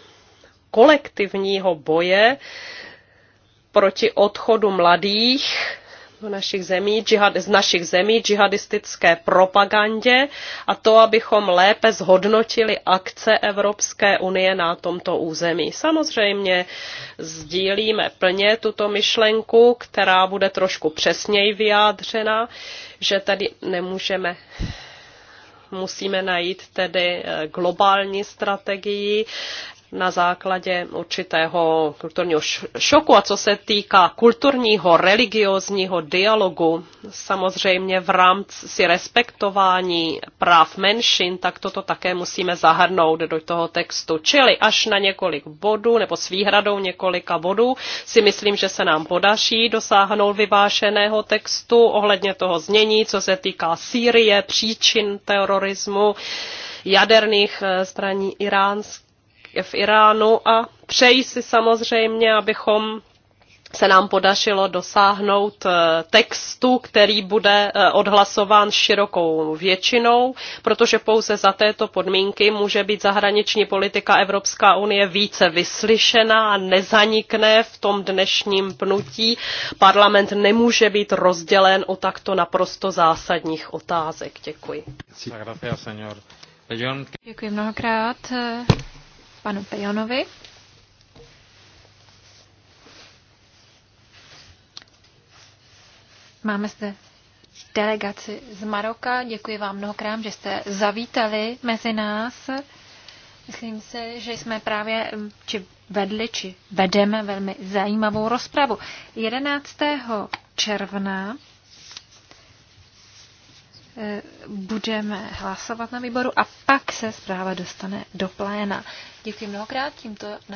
kolektivního boje proti odchodu mladých do našich zemí, džihad, z našich zemí džihadistické propagandě a to, abychom lépe zhodnotili akce Evropské unie na tomto území. Samozřejmě sdílíme plně tuto myšlenku, která bude trošku přesněji vyjádřena, že tady nemůžeme musíme najít tedy eh, globální strategii na základě určitého kulturního šoku. A co se týká kulturního, religiozního dialogu, samozřejmě v rámci respektování práv menšin, tak toto také musíme zahrnout do toho textu. Čili až na několik bodů nebo s výhradou několika bodů si myslím, že se nám podaří dosáhnout vyvášeného textu ohledně toho znění, co se týká Sýrie, příčin terorismu, jaderných eh, zbraní iránských v Iránu a přeji si samozřejmě, abychom se nám podařilo dosáhnout eh, textu, který bude eh, odhlasován širokou většinou, protože pouze za této podmínky může být zahraniční politika Evropská unie více vyslyšená a nezanikne v tom dnešním pnutí. Parlament nemůže být rozdělen o takto naprosto zásadních otázek. Děkuji. Děkuji mnohokrát panu Pejonovi. Máme zde delegaci z Maroka. Děkuji vám mnohokrát, že jste zavítali mezi nás. Myslím si, že jsme právě či vedli, či vedeme velmi zajímavou rozpravu. 11. června budeme hlasovat na výboru a pak se zpráva dostane do pléna. Děkuji mnohokrát, tímto naše